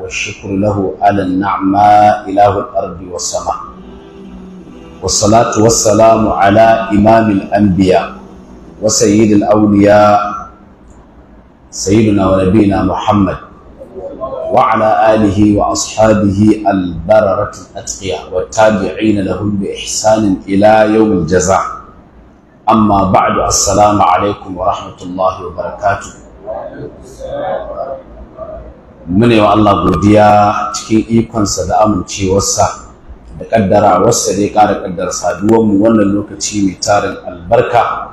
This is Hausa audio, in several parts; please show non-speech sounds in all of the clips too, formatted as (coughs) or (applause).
والشكر له على النعمة إله الأرض والسماء والصلاة والسلام على إمام الأنبياء وسيد الأولياء سيدنا ونبينا محمد وعلى آله وأصحابه البررة الأتقياء والتابعين لهم بإحسان إلى يوم الجزاء أما بعد السلام عليكم ورحمة الله وبركاته mune wa Allah godiya cikin ikonsa da amincewarsa da kaddara wasa dai ƙara kaddara saduwar mu wannan lokaci mai tarin albarka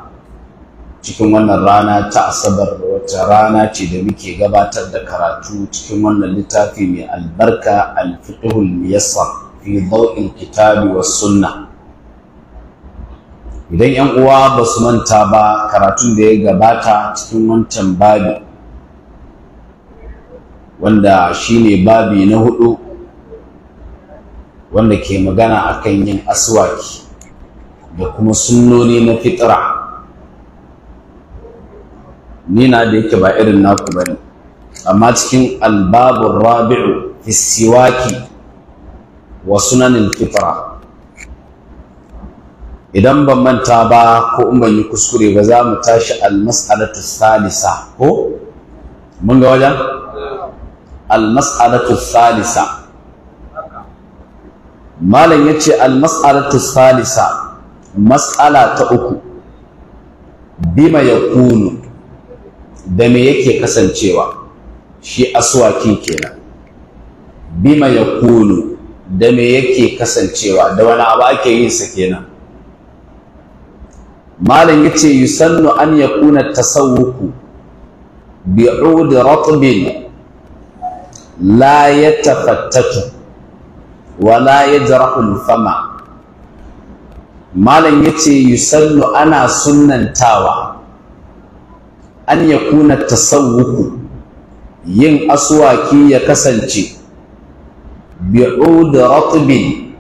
cikin wannan rana ta asabar wata rana ce da muke gabatar da karatu cikin wannan littafi mai albarka alfiqhul miyassar fi daw'il kitabi wa sunnah idan yan uwa ba su manta ba karatun da ya gabata cikin wancan babi wanda shine babi na hudu wanda ke magana akan yin aswaki da kuma sunnoni na fitra ni na da yake ba irin naku bane amma cikin albabun rabi'u fi siwaki wa sunanin fitra idan ban manta ba ko in ban yi kuskure ba za mu tashi almas'alatu salisa ko mun ga wajen al salisa malam yace al salisa mas'ala ta uku bima yakunu da me yake kasancewa shi aswaki kenan bima yakunu da me yake kasancewa da wani abu ake yin sa kenan malam yace yusannu an yakuna tasawwuku bi'ud ratbin la yatafattatu wa la yajrahu al-fama malam yace yusallu ana sunnantawa an ya yakuna tasawwuku yin asuwaki ya kasance da ratbin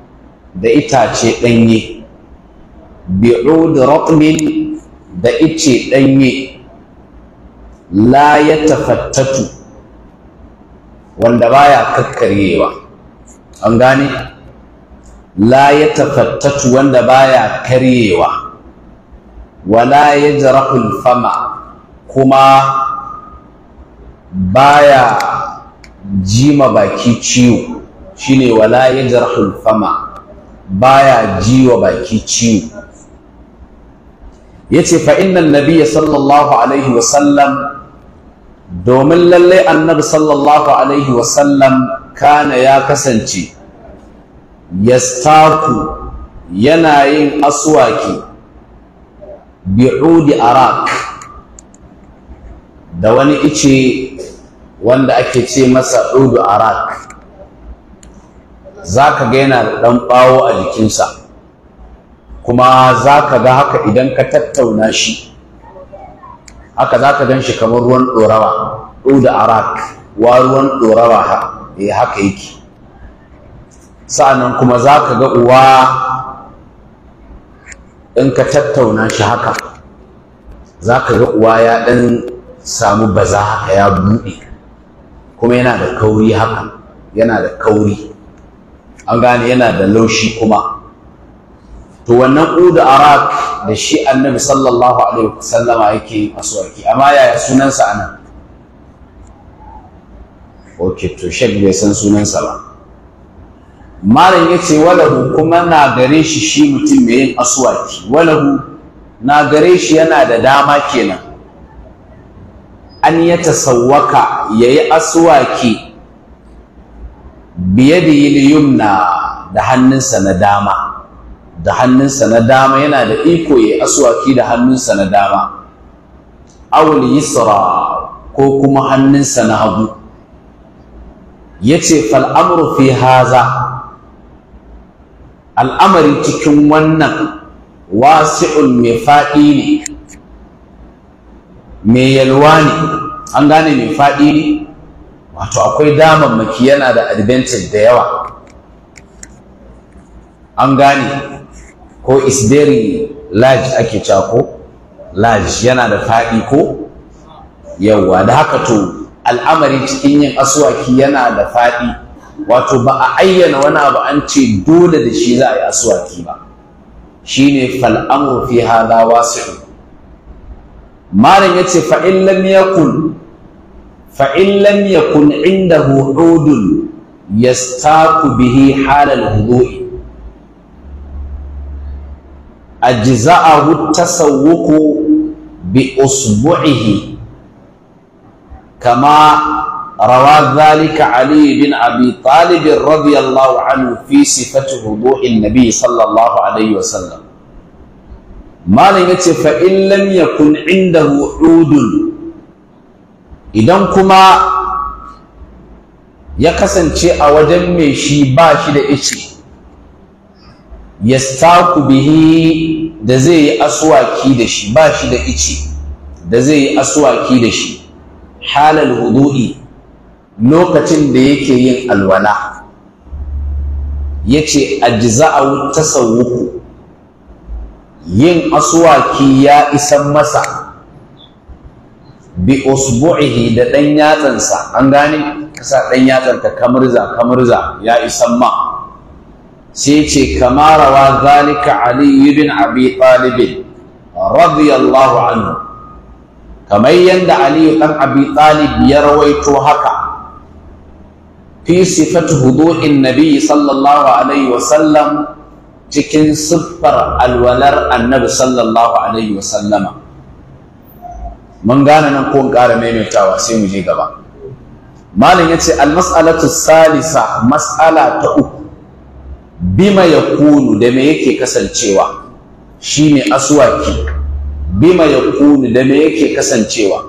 da itace ce ɗanye. ratbin da ice ɗanye. la tafattatu. wanda baya kakkaryewa an gane la ya tafattatu wanda baya karyewa la ya fama kuma baya jima baki ciwo shine la ya fama baya jiwa baki ciwo yace fa innan nabiyya sallallahu alaihi sallam. domin lallai annabi sallallahu alaihi wasallam kana ya kasance yastaku yana yin aswaki bi'udi arak da wani ice wanda ake ce masa udu arak za ka ga yana da ɗan ɓawo a jikinsa kuma za ka ga haka idan ka tattauna shi haka za ka gan shi kamar ruwan ɗorawa da arak wa ruwan ɗorawa ya eh, haka yake sa'annan kuma za ka ga uwa in ka tattauna shi haka za ka ga uwa ya ɗan samu baza haka ya buɗe kuma yana da kauri haka yana da kauri an gane yana da laushi kuma to wannan Uda arak da shi annabi sallallahu alaihi wasallama yake asuwarki amma yaya sunansa anan ok to shek bai san sunansa ba malam ya ce walahu kuma na gare shi shi mutum mai yin asuwarki walahu na gare shi yana da dama kenan an ya tasawwaka ya yi asuwaki biye da yumna da hannunsa na dama da hannunsa na dama yana da iko ya aswaki da hannunsa na dama awul yisra ko kuma hannunsa na hagu yace fal amru fi haza al'amari cikin wannan wasi'un mai faɗi ne mai yalwa ne an gane mai faɗi ne wato akwai damammaki yana da advantage da yawa an gane ko is very large ake cewa ko large yana da faɗi ko yawwa da haka to al'amari cikin yin aswaki yana da faɗi wato ba a ayyana wani abu an ce dole da shi za a yi aswaki ba shine fal amru fi hada wasu. malam yace fa in lam yakun fa in lam yakun indahu udun yastaqu bihi halal hudu'i أجزأه التسوق بأصبعه كما روى ذلك علي بن أبي طالب رضي الله عنه في صفة وضوء النبي صلى الله عليه وسلم ما لنتي فإن لم يكن عنده عود إذن كما يقسن شيء وجمع شيء باشد إشي يستاق به da zai yi asuwaki da shi ba shi da ice da zai yi asuwaki da shi halal hudu'i lokacin da yake yin alwala ya ce ajza'u tasawwuku yin asuwaki ya isan masa bi usbu'ihi da ɗan yatsansa an gane kasa ɗan za kamurza kamurza ya isan ma sai ce kama rawa zalika ali ibn abi talib radiyallahu anhu kamar yanda Aliyu dan abi talib ya rawaito haka fi sifat hudu'in nabi sallallahu alaihi wasallam cikin siffar alwalar annabi sallallahu alaihi wasallama mun gane nan ko ƙara maimaitawa sai mu je gaba malam yace al mas'alatu salisa mas'ala ta uku bima ya kunu da me yake kasancewa shi ne aswaki bima ya kunu da me yake kasancewa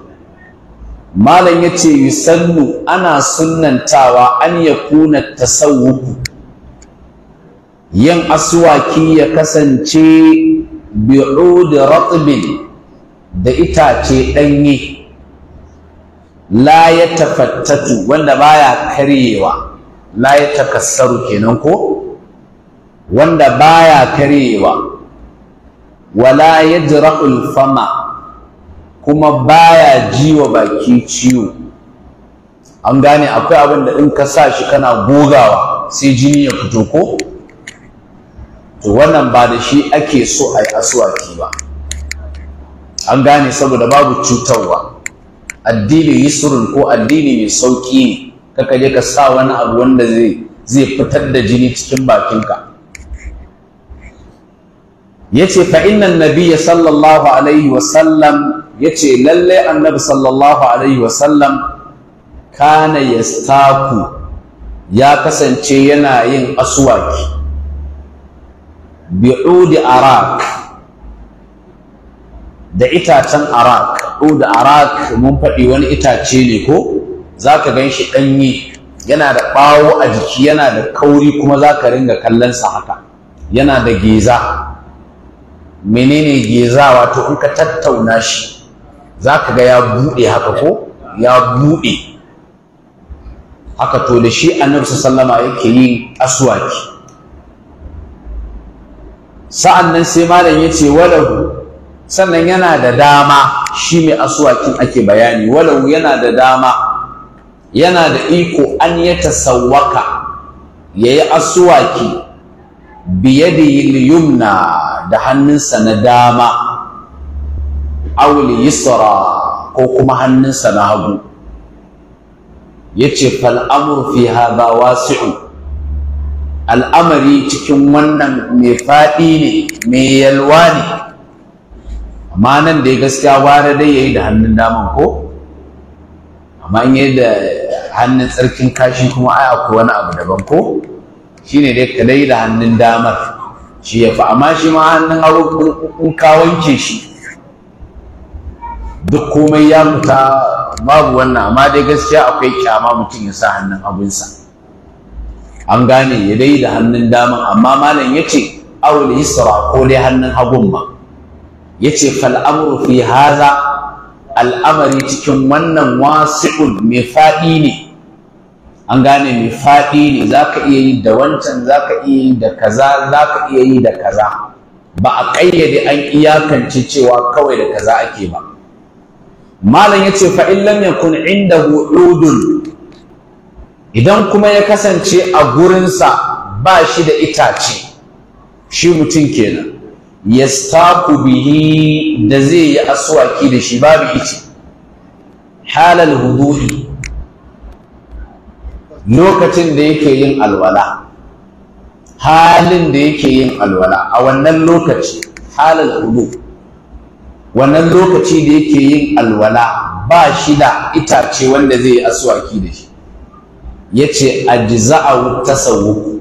malam yace yusannu ana sunnantawa an ya yakuna tasawwuku yin aswaki ya kasance biyu da ratbin da itace danye la ya tafattatu wanda baya karyewa la ya takassaru kenan ko wanda baya karyewa, wala yajra'ul fama kuma baya jiwa baki ciwo an gane akwai abin da in ka sa shi kana gogawa sai jini ya fito ko to wannan ba da shi ake so a yi asuwaki ba an gane saboda babu cutarwa addini yusrun ko addini mai sauki ne kaka je ka sa wani abu wanda zai zai fitar da jini cikin bakinka yace fa innan sallallahu alaihi sallam, yace lalle annabi sallallahu alaihi sallam, kana yastaku ya kasance yana yin aswaki bi'udi arak da itacen arak udi arak mun faɗi wani itace ne ko zaka ganshi ɗanye yana da ɓawo a jiki yana da kauri kuma zaka ringa kallon sa haka yana da geza menene gezawa to in ka tattauna shi za ka ga ya buɗe haka ko ya buɗe haka to da shi annabi sallama yake yi aswaki sa'an nan sai malam ya ce walahu sannan yana da dama shi mai aswakin ake bayani walahu yana da dama yana da iko an ya tasawwaka ya yi aswaki biyadi yumna da hannunsa na dama awul yisra ko kuma hannunsa na hagu yace fal amru fi hadha wasi'u al'amari cikin wannan mai faɗi ne mai yalwa ne amma nan dai gaskiya ware dai yayi da hannun daman ko amma in yayi da hannun tsarkin kashi kuma ai akwai wani abu daban ko shine dai ka da hannun damar shi ya fa amma shi ma hannun hagu in wanke shi duk komai ya muta babu wannan amma dai gaskiya akwai kyama mutum ya sa hannun abinsa. an gane ya dai da hannun damar amma malam ya ce awul hisra ko dai hannun hagun ma ya ce fal'amru fi haza al'amari cikin wannan wasi'ul mai faɗi ne an gane mai faɗi ne za ka iya yi da wancan za ka iya yi da kaza za ka iya yi da kaza ba a ƙayyade an iyakance cewa kawai da kaza ake ba malam ya ce fa'in ya kun inda hudu idan kuma ya kasance a gurinsa ba shi da itace shi mutum kenan ya staku bihi da zai yi asuwaki da shi babu ice halal hudu'i lokacin da yake yin alwala halin da yake yin alwala a wannan lokaci halin hudu wannan lokaci da yake yin alwala ba shi da itace wanda zai yi asuwaki da shi ya ce a ajza'u tasawwu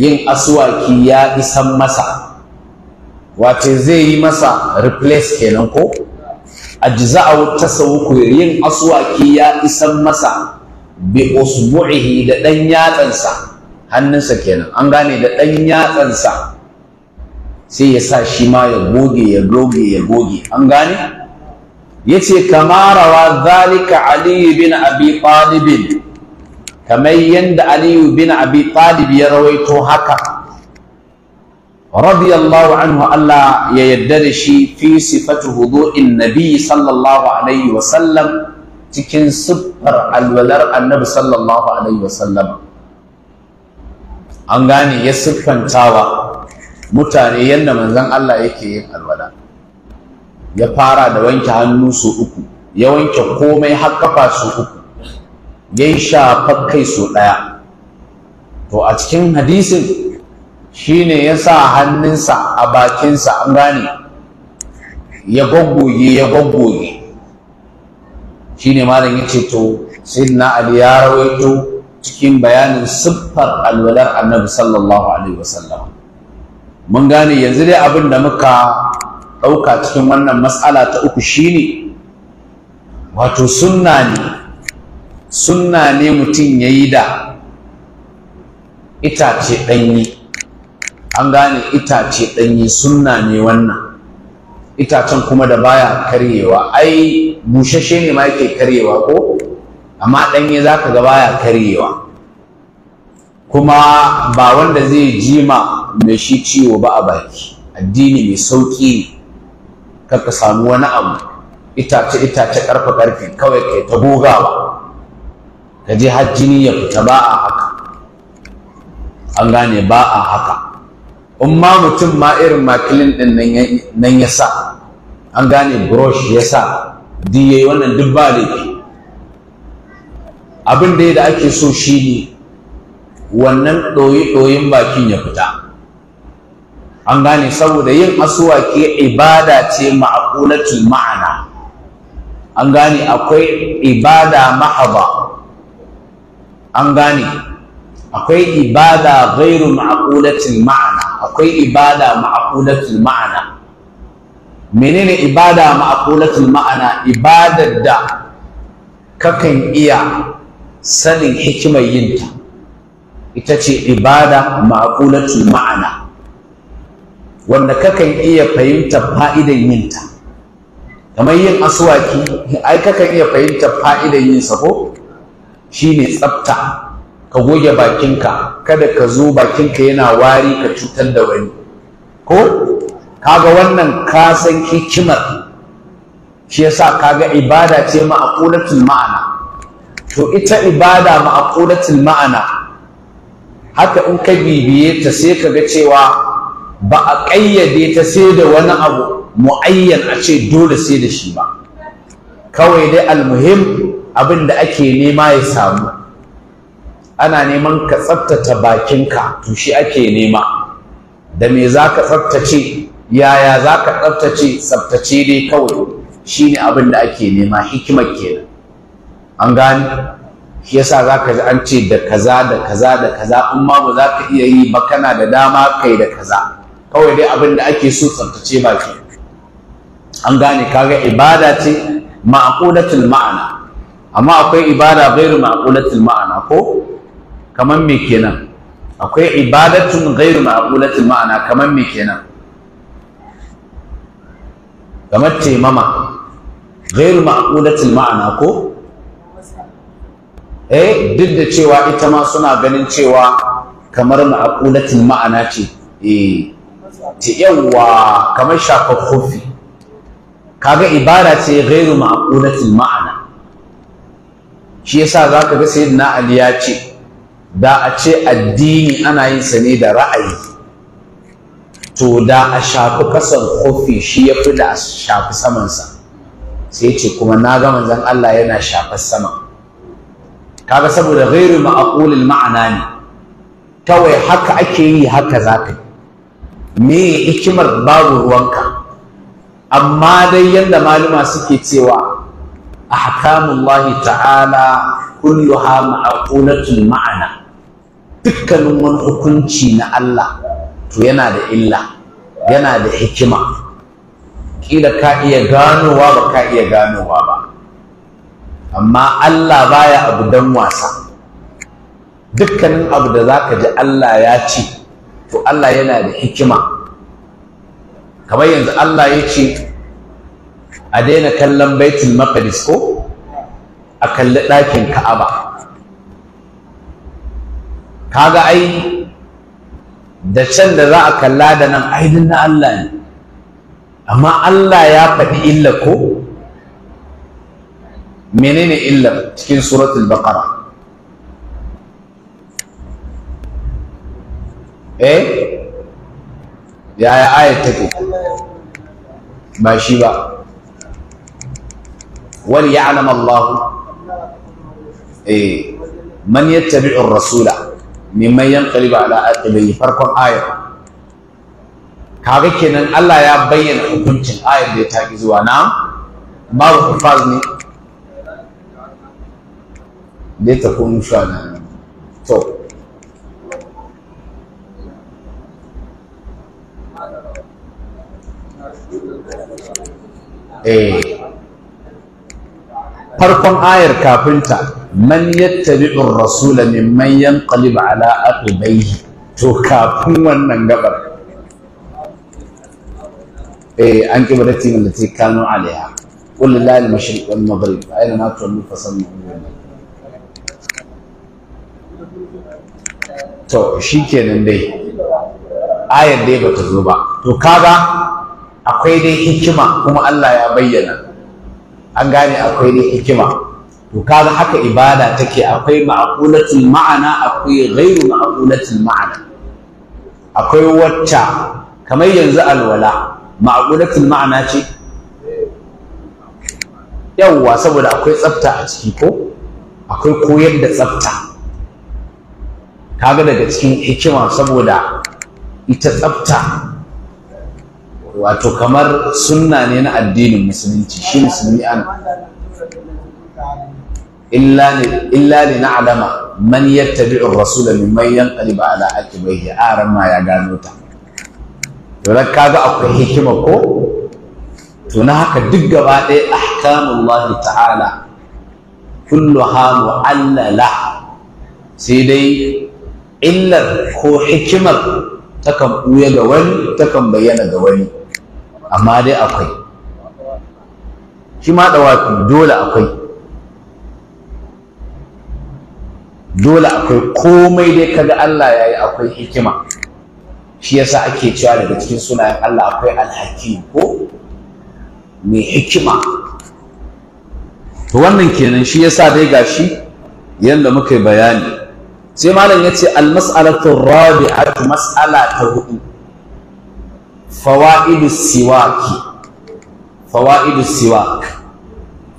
yin aswaki ya isan masa wato zai yi masa replace kenan ko a ajza'u tasawwu yin aswaki ya isan masa bi usbu'ihi da ɗan yatsansa hannunsa kenan an gane da ɗan yatsansa sai ya sa shi ma ya goge ya goge ya goge an gane ya ce kama rawa zalika aliyu bin abi talibin kamar yadda aliyu bin abi talib ya rawaito haka radiyallahu anhu Allah ya yarda da shi fi sifatu hudu'in nabi sallallahu alaihi wasallam cikin siffar alwalar annabi sallallahu alaihi an gane ya siffantawa mutane yadda manzon Allah yake yin alwala ya fara da wanke hannu su uku ya wanke komai har kafa su uku ya yi shafar kai su ɗaya to a cikin hadisin shine ya sa hannunsa a bakinsa an gane ya gaggoge ya gaggoge shine malam yace to sayyidina ali ya rawaito cikin bayanin siffar alwalar annabi sallallahu alaihi wasallam mun gane yanzu dai abin da muka ɗauka cikin wannan matsala ta uku shine wato sunna ne sunna ne mutum ya yi da itace ɗanyi an gane itace ɗanyi sunna ne wannan itacen kuma da baya karyewa ai bushashe ne ma yake karyewa ko amma ɗanye za ka ga baya karyewa kuma ba wanda zai jima mai shi ciwo ba a baki addini mai sauƙi ne ka samu wani abu itace itace ƙarfe ƙarfe kawai kai ta gogawa ka je har jini ya fita ba a haka an gane ba a haka umma mutum ma irin makilin din nan ya sa an gane brush ya sa diye wannan duk ba laifi abin da da ake so shi ne wannan ɗoyi-ɗoyin bakin ya fita an gane saboda yin ke ibada ce ma'aqulatul ma'ana an gane akwai ibada ma'aba an gane akwai ibada gairu ma'qulatin ma'ana akwai ibada ma'qulatul ma'ana menene ibada ma'qulatul ma'ana ibadar da kakan iya sanin hikimar yinta ita ce ibada ma'qulatul ma'ana wanda kakan iya fahimta fa'idan yinta kamar yin aswaki ai kakan iya fahimta fa'idan yinsa ko shine tsafta ka goge bakinka kada ka zo bakinka yana wari ka cutar da wani ko kaga wannan ka san hikimar shi yasa kaga ibada ce ma'aqulatul ma'ana to ita ibada ma'aqulatul ma'ana haka in ka bibiye ta sai ka ga cewa ba a ƙayyade ta sai da wani abu mu'ayyan a ce dole sai da shi ba kawai dai almuhim abin da ake nema ya samu ana neman ka tsabtata bakinka to shi ake nema da me za ka tsabtace yaya za ka tsabtace tsabtace dai kawai shi ne abin da ake nema hikimar kenan an gane shi yasa za ka ji an ce da kaza da kaza da kaza in ma ba za ka iya yi ba kana da dama kai da kaza kawai dai abin da ake so tsabtace baki an gane kaga ibada ce ma'qulatul ma'ana amma akwai ibada ghairu ma'qulatul ma'ana ko kamar me kenan akwai ibadatun ghairu ma'qulatin ma'ana kamar me kenan kamar taimama ghairu ma'qulatin ma'ana ko eh duk da cewa ita ma suna ganin cewa kamar ma'qulatin ma'ana ce eh ce yawa kamar shafar kofi kaga ibada ce ghairu ma'qulatin ma'ana shi yasa ka ga sayyidina na ya ce da a ce addini ana yin sa ne da ra'ayi to da a shafi kasan kofi shi ya fi da a shafi samansa sai ce kuma na ga manzon Allah yana shafar sama kaga saboda ghairu ma'qulil ma'ana ne kawai haka ake yi haka zaka me ikimar babu ruwanka amma dai yadda maluma suke cewa ahkamullahi ta'ala kulluha ma'qulatun ma'ana dukkanin wani hukunci na Allah to yana da illa yana da hikima kila ka iya ganowa ba ka iya ganowa ba amma Allah baya abu dan wasa dukkanin abu da za ka ji Allah ya ce to Allah yana da hikima kamar yanzu Allah ya ce a daina kallon baitul maqdis ko a kalli ɗakin ka'aba kaga ai da can da za a kalla da nan ai na Allah ne amma Allah ya faɗi illa ko menene illa cikin suratul baqara eh yaya ayat take ba shi ba Wani ya alama Allah eh man yattabi'ur rasula mimman yanqalibu ala aqibihi farkon ayar kaga kenan Allah ya bayyana hukuncin ayar da ya tafi zuwa na babu hufaz ne da ya tafi sha na to eh farkon ayar kafinta man yattabi'u ar-rasula mimman yanqalib ala aqibaihi to kafin wannan gabar eh an kibara timin da take kanu alaiha qul lillahi al-mashriq wal maghrib ayna ma tuwallu fasallu to shikenan dai ayar dai bata zo ba to kaga akwai dai hikima kuma Allah ya bayyana an gane akwai dai hikima to kaga haka ibada take akwai ma'qulatul ma'ana akwai ghairu ma'qulatul ma'ana akwai wacce kamar yanzu alwala ma'qulatul ma'ana ce yawwa saboda akwai tsafta a ciki ko akwai koyar da tsafta kaga daga cikin hikima saboda ita tsafta wato kamar sunna ne na addinin musulunci shi musulmi an illa na na'lama man yattabi'ur rasula mimman yanqalibu ala aqibaihi aran ma ya gano ta to ka kaga akwai hikima ko to na haka duk gaba ɗaya ahkamullahi ta'ala kulluha mu'allala sai dai illar ko hikimar takan ɓuya ga wani takan bayyana ga wani amma dai akwai shi ma dawaki dole akwai dole akwai komai dai kaga Allah ya yi akwai hikima shi yasa ake cewa daga cikin sunayen Allah akwai alhakim ko mai hikima to wannan kenan shi yasa dai gashi yadda muka yi bayani sai malam ya ce almas'alatu rabi'atu mas'ala ta hudu fawaidu siwaki fawaidu siwak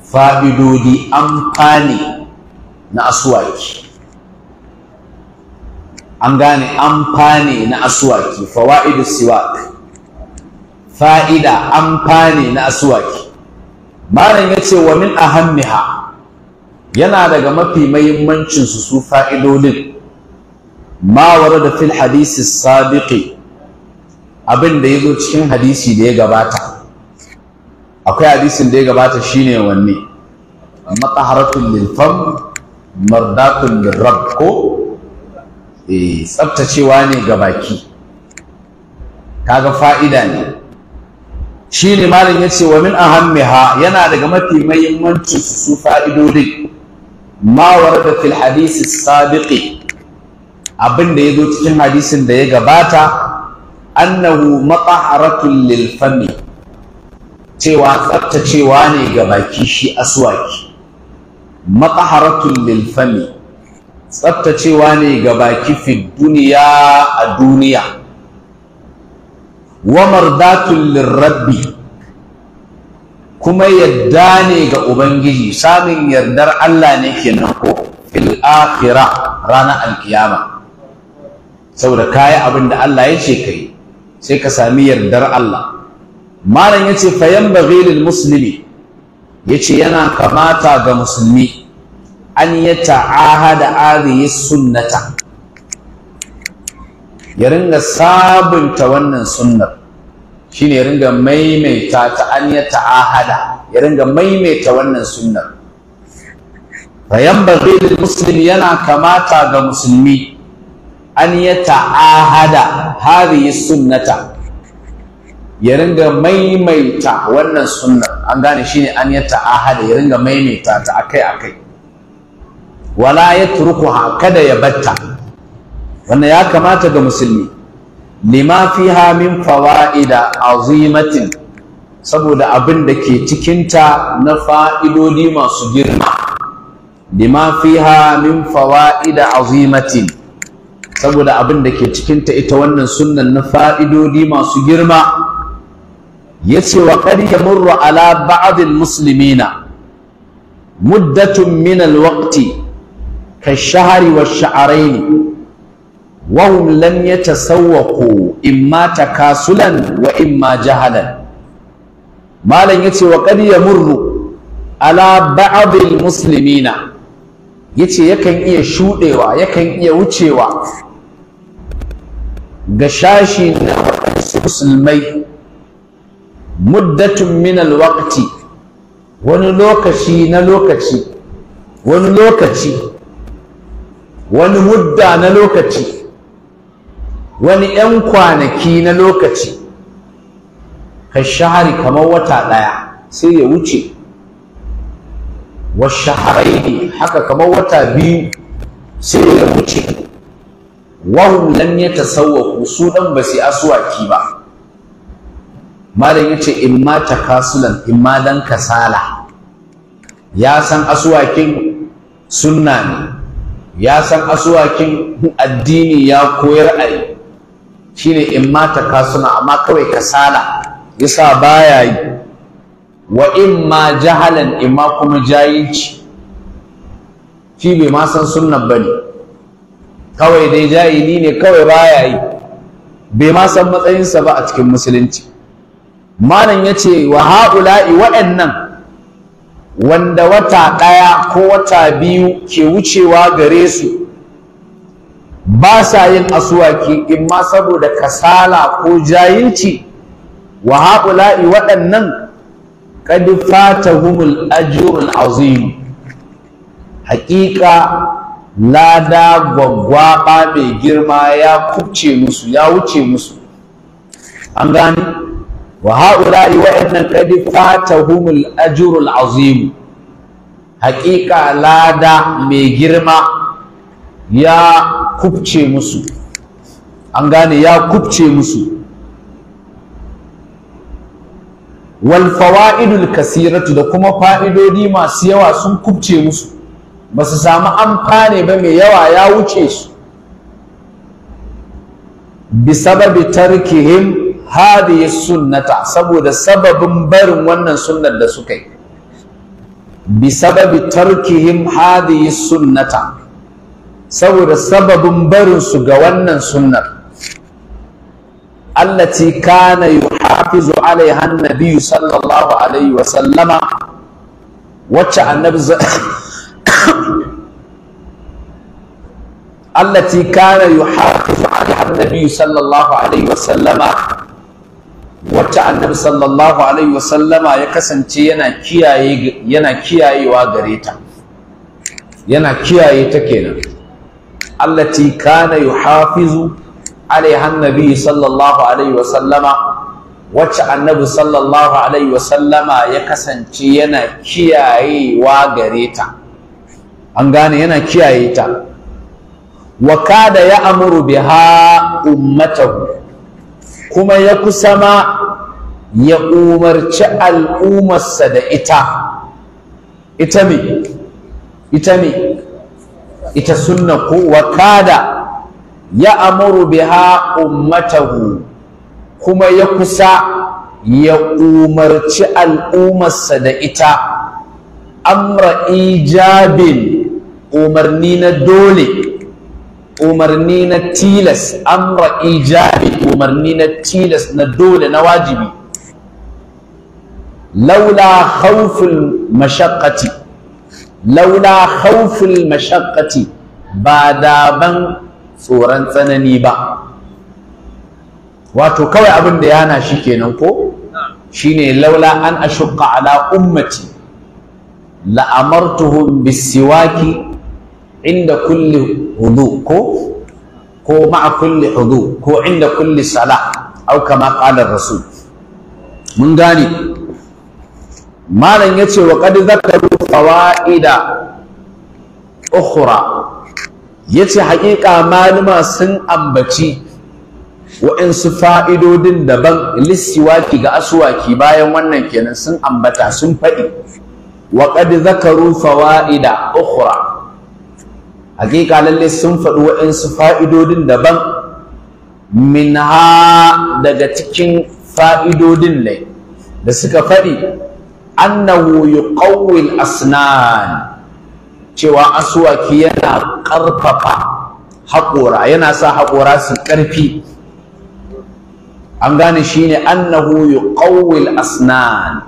fa'idodi amfani na asuwaki. an gane amfani na asuwaki fawaidu siwak fa'ida amfani na asuwaki malam ya ce wa min ahammiha yana daga mafi mahimmancin su su fa'idodin ma warada fil hadisi sabiqi abin da yazo cikin hadisi da ya gabata akwai hadisin da ya gabata shine wanne mataharatul lil fam mardatun lil rabb ko Eh, tsaftacewa ne ga baki kaga fa'ida ne shi ne malam ya ce wa min ahammiha yana daga mafi mahimmanci su fa'idodin ma da fil hadisi sabiqi Abinda ya zo cikin hadisin da ya gabata annahu mataharatul lil lilfami. cewa tsaftacewa ne ga baki shi aswaki mataharatul lil fami tsaftacewa ne ga baki fi duniya a duniya wa mardatun lirabbi kuma yadda ne ga ubangiji samun yardar Allah ne kenan ko fil'afira rana ranar alkiyama saboda kayi abin da Allah ya ce kai sai ka sami yardar Allah malam yace fayan musulmi. Ya ce yana kamata ga musulmi an ya ta'ahada hadhihi sunnata ya ringa sabunta wannan sunnar shine ya ringa maimaita ta an ya ta'ahada ya ringa maimaita wannan sunnar fayanbaghi da musulmi yana kamata ga musulmi an ya ta'ahada hadhihi sunnata ya ringa maimaita wannan sunnar an gane shi ne an ya ta'ahada ya ringa maimaita ta akai akai wala ha? kada ya batta wannan ya kamata ga musulmi lima fiha min fawaida azimatin saboda abin da ke cikinta na fa'idodi masu girma lima fiha min fawaida azimatin saboda abin da ke cikinta ita wannan sunnan na fa'idodi masu girma ya ce wa ƙarya murru ala ba'adin musulmina muddatun minal waqti Ka shahari wa sha'araini. Wannan ya ta tsawoƙu in ma takasulan wa in ma jahalan. Malam ya ce waƙar ya murru, ala bacabil musulmina. Ya ce yakan iya shuɗewa, yakan iya wucewa. Ga shashi na wasu Musulmai. muddatun minal min Wani lokaci na lokaci wani lokaci. wani mudda na lokaci wani 'yan kwanaki na lokaci ka shahari kamar wata ɗaya sai ya wuce ne, haka kamar wata biyu sai ya wuce ya lam yatasawwaqu su dan ba su aswaki ba malam ce in ma ta kasulan in ma dan kasala ya san asuwakin sunna ne ya san asuwakin addini ya koyar a yi Shi ne in mata kasuna amma kawai kasala yasa baya yi wa in ma jahalan in ma kuma jayinci shi bai ma san sunan ba ne kawai dai jahili ne kawai baya yi bai ma san matsayinsa ba a cikin musulunci malam ya ce wa ha'ula'i waɗannan wanda wata ɗaya ko wata biyu ke wucewa gare su ba sa yin asuwaki in ma saboda kasala ko jayinci wa haɓula'i waɗannan fata gumul ajrul azim haƙiƙa lada gwaggwaɓa mai girma ya kubce musu ya wuce musu an gani wa ha'ula'i wa'annan qad humul ajrul azim haƙiƙa lada mai girma ya kubce musu an gane ya kubce musu walfawa fawaidul kasiratu da kuma fa'idodi masu yawa sun kubce musu ba su samu amfani ba mai yawa ya wuce su bisababi tarkihim hadhihi sunnata saboda sababin barin wannan sunnar da suka yi bi sababi tarkihim hadhihi sunnata saboda sababin barin su ga wannan sunnar allati kana yuhafizu alaiha annabi sallallahu alaihi wa sallama wacce annabi (coughs) allati kana yuhafizu alaiha annabi sallallahu alaihi wa sallama wacce annabi sallallahu alaihi wasallama ya kasance yana kiyaye kiyayewa gare ta yana kiyaye ta kenan allati kana yuhafizu alaiha annabi sallallahu alaihi wasallama wacce annabi sallallahu alaihi wasallama ya kasance yana kiyayewa gare ta an gane yana kiyaye ta wa kada ya amuru biha ummatahu kuma ya kusa ma ya umarci al'ummarsa da ita ita me ita ita sunna ko wakada ya amuru biha ummatahu kuma ya kusa ya umarci al'ummarsa da ita amra ijabin umarni na dole umarni na tilas amra ijabin umarni na tilas na dole na wajibi لولا خوف المشقة لولا خوف المشقة بعد بن صورن سنني با واتو كوي ابن ديانا شكينو كو شيني لولا أن أشق على أمتي لأمرتهم بالسواك عند كل هدوء كو كو مع كل هدوء كو عند كل صلاة أو كما قال الرسول من داني malam ya yace wa qad zakaru fawaida ukhra ce haƙiƙa maluma sun ambaci wa'insu fa'idodin daban lissiwaki ga asuwaki bayan wannan kenan sun ambata sun faɗi wa qad zakaru fawaida ukhra haƙiƙa lalle sun faɗi wa'insu fa'idodin daban minha daga cikin fa'idodin ne da suka faɗi annahu yuqawwil asnan cewa aswaki yana ƙarfafa haƙora yana sa haƙora su ƙarfi an gane shine annahu yuqawwil asnan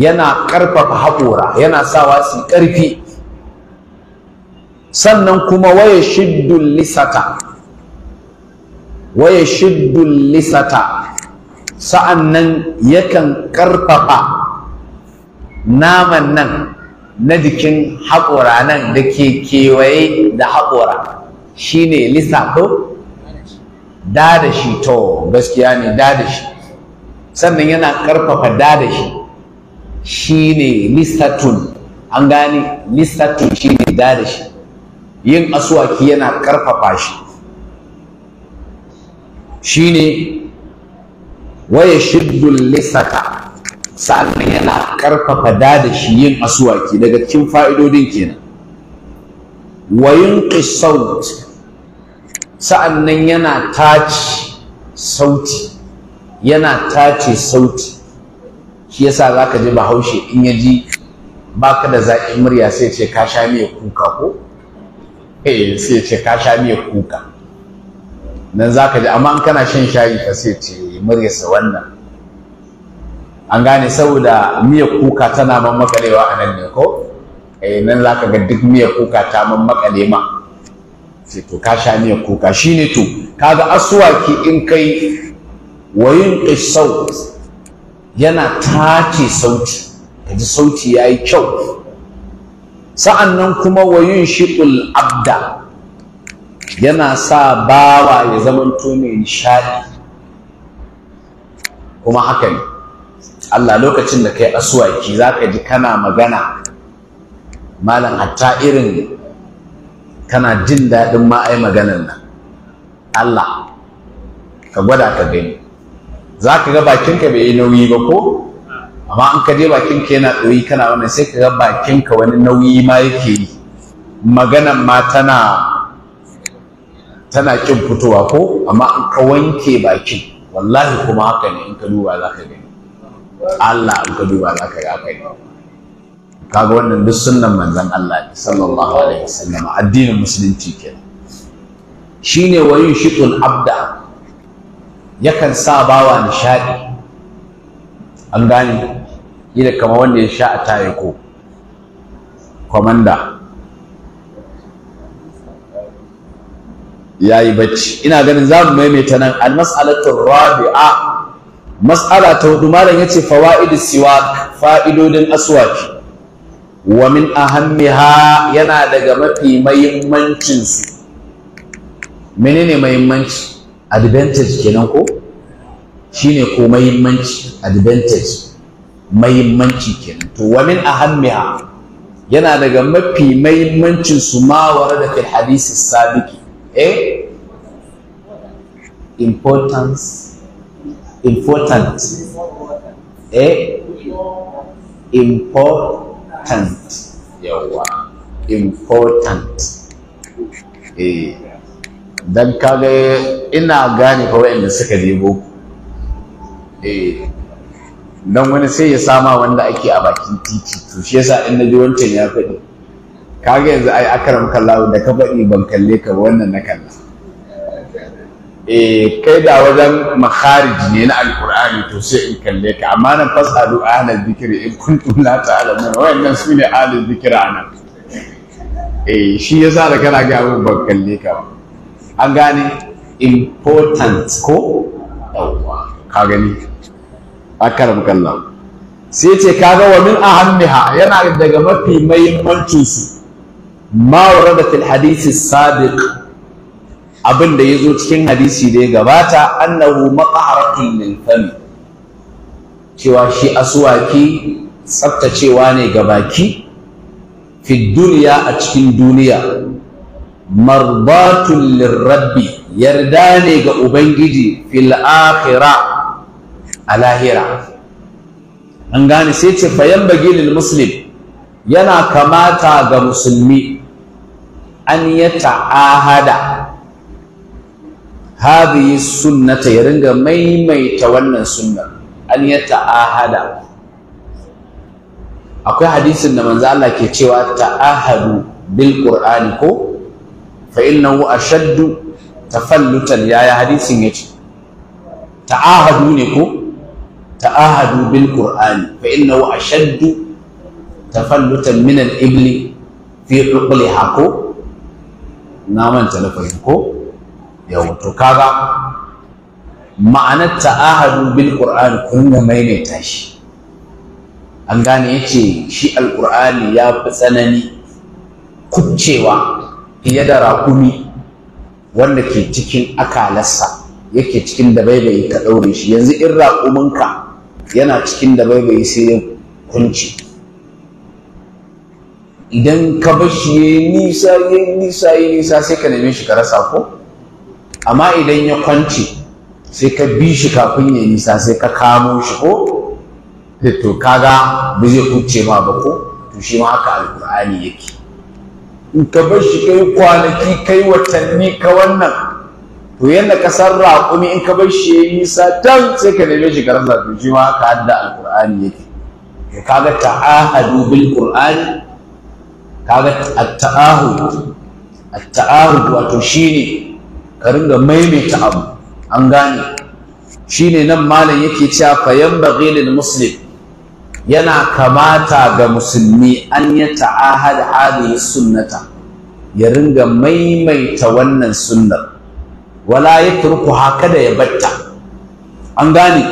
yana karfafa haƙora yana sawa su ƙarfi sannan kuma waya shiddul lisata waya shiddul lisata sa'annan yakan karfafa. naman nan na jikin haƙora nan da ke kewaye da haƙora shi ne da da shi to gaskiya ne da shi sannan yana ƙarfafa da da shi shi ne lissatun an gane lissatun shi ne da shi yin asuwaki yana ƙarfafa shi shi ne waya shiddun lissata Sa'annan yana karfafa da da shi yin asuwaki daga cikin fa'idodin kenan wayin saut sa'annan yana tace sauti yana tace sauti shi yasa zaka ji bahaushe in ya ji baka da zaƙin murya sai ce ka sha miya kuka ko eh sai ce ka sha miya kuka nan zaka ji amma in kana shan shayi ka sai ce muryarsa wannan an gane saboda miyar kuka tana mammakalewa a nan ne ko eh nan za ka ga duk miya kuka ta mammakale ma sai to ka sha miyar kuka shine to kaga aswaki in kai wayin isau yana tace sauti kaji sauti yayi kyau sa'an nan kuma wayin shiqul abda yana sa bawa ya zamanto mai nishadi? kuma haka ne Allah lokacin da kai aswaki za ka ji kana magana malam hatta irin kana jin daɗin ma ai maganar nan Allah ka gwada ka gani za ka ga bakinka bai yi nauyi ba ko amma in ka je bakinka yana ɗoyi kana wannan sai ka ga bakinka wani nauyi ma yake yi maganan ma tana tana kin fitowa ko amma in ka wanke bakin wallahi kuma haka ne in ka duba za ka gani Allah an ka duba za ka ga kai kaga wannan duk sunnan manzon Allah ne sallallahu alaihi wasallam addinin musulunci kenan shine wayu shiqul abda yakan sa bawa nishadi an gane ida kama wanda ya sha a taye ko komanda yayi bacci ina ganin za mu maimaita nan al-mas'alatu rabi'a mas'ala ta hudu malam yace fawaidu siwak fa'idodin aswak wa min ahammiha yana daga mafi mahimmancin su menene mahimmanci advantage kenan ko shine ko mahimmanci advantage mahimmanci kenan to wa min ahammiha yana daga mafi mahimmancin su ma warada fil hadisi sabiki eh importance important eh important important eh dan kage ina gane fa wanda suka debo eh dan wani sai ya sama wanda ake a bakin titi to shi yasa in naji wancan ya faɗi kaga yanzu ai akaram kallahu da ka faɗi ban kalle ka wannan na kalla eh kai da wajen makhariji ne na alkur'ani to sai in kalle ka amma nan fasalu ahlal zikri in kuntum la ta'lamun inna sune ahlal zikra ana eh shi yasa da kana ga mun ban kalle ka an gane important ko yawa ka gani akaram kallahu sai ce kaga wa min ahammiha yana daga mafi muhimmancin su ma warada fil hadisi sabiq abin da ya zo cikin hadisi da ya gabata annahu maqaratun lil fami cewa shi aswaki tsaftacewa ne ga baki fi a cikin duniya marbatun lirrabbi yarda ne ga ubangiji fil akhira a lahira an gane sai ce bayan bagi muslim yana kamata ga musulmi an ya ta'ahada hadhihi sunnata ya ringa maimaita wannan sunnar an ya ta'ahada akwai hadisin da manzo Allah ke cewa ta'ahadu bil qur'ani ko fa innahu ashaddu tafallutan ya hadisin yace ta'ahadu ne ko ta'ahadu bil qur'ani fa innahu ashaddu tafallutan min al ibli fi uqliha ko na manta na ko yawa to kaga ma'anar ta'ahadu bil qur'an kun maimaita shi an gane yace shi alqur'ani ya fi tsanani kucewa fiye da rakumi wanda ke cikin akalarsa yake cikin da baibayi ka ɗaure shi yanzu in raƙuminka yana cikin da baibayi sai ya kunci idan ka bar shi ya yi nisa ya yi nisa ya yi nisa sai ka neme shi ka rasa ko amma idan ya kwance sai ka bi shi kafin ya nisa sai ka kamo shi ko eh to kaga ba zai kuce ma ba ko to shi ma haka alkur'ani yake in ka bar shi kai kwanaki kai watanni ka wannan to yadda ka san raƙumi in ka bar shi ya nisa dan sai ka neme shi garin to shi ma haka hadda alkur'ani yake kaga ta'ahadu bil qur'ani kaga at-ta'ahud at-ta'ahud wato shine ka ringa maimaita abu an gane ne nan malam yake cewa fayan bagilin muslim yana kamata ga musulmi an ya ta'ahad hadhihi sunnata ya ringa maimaita wannan sunnar wala ya turku haka da ya batta an gane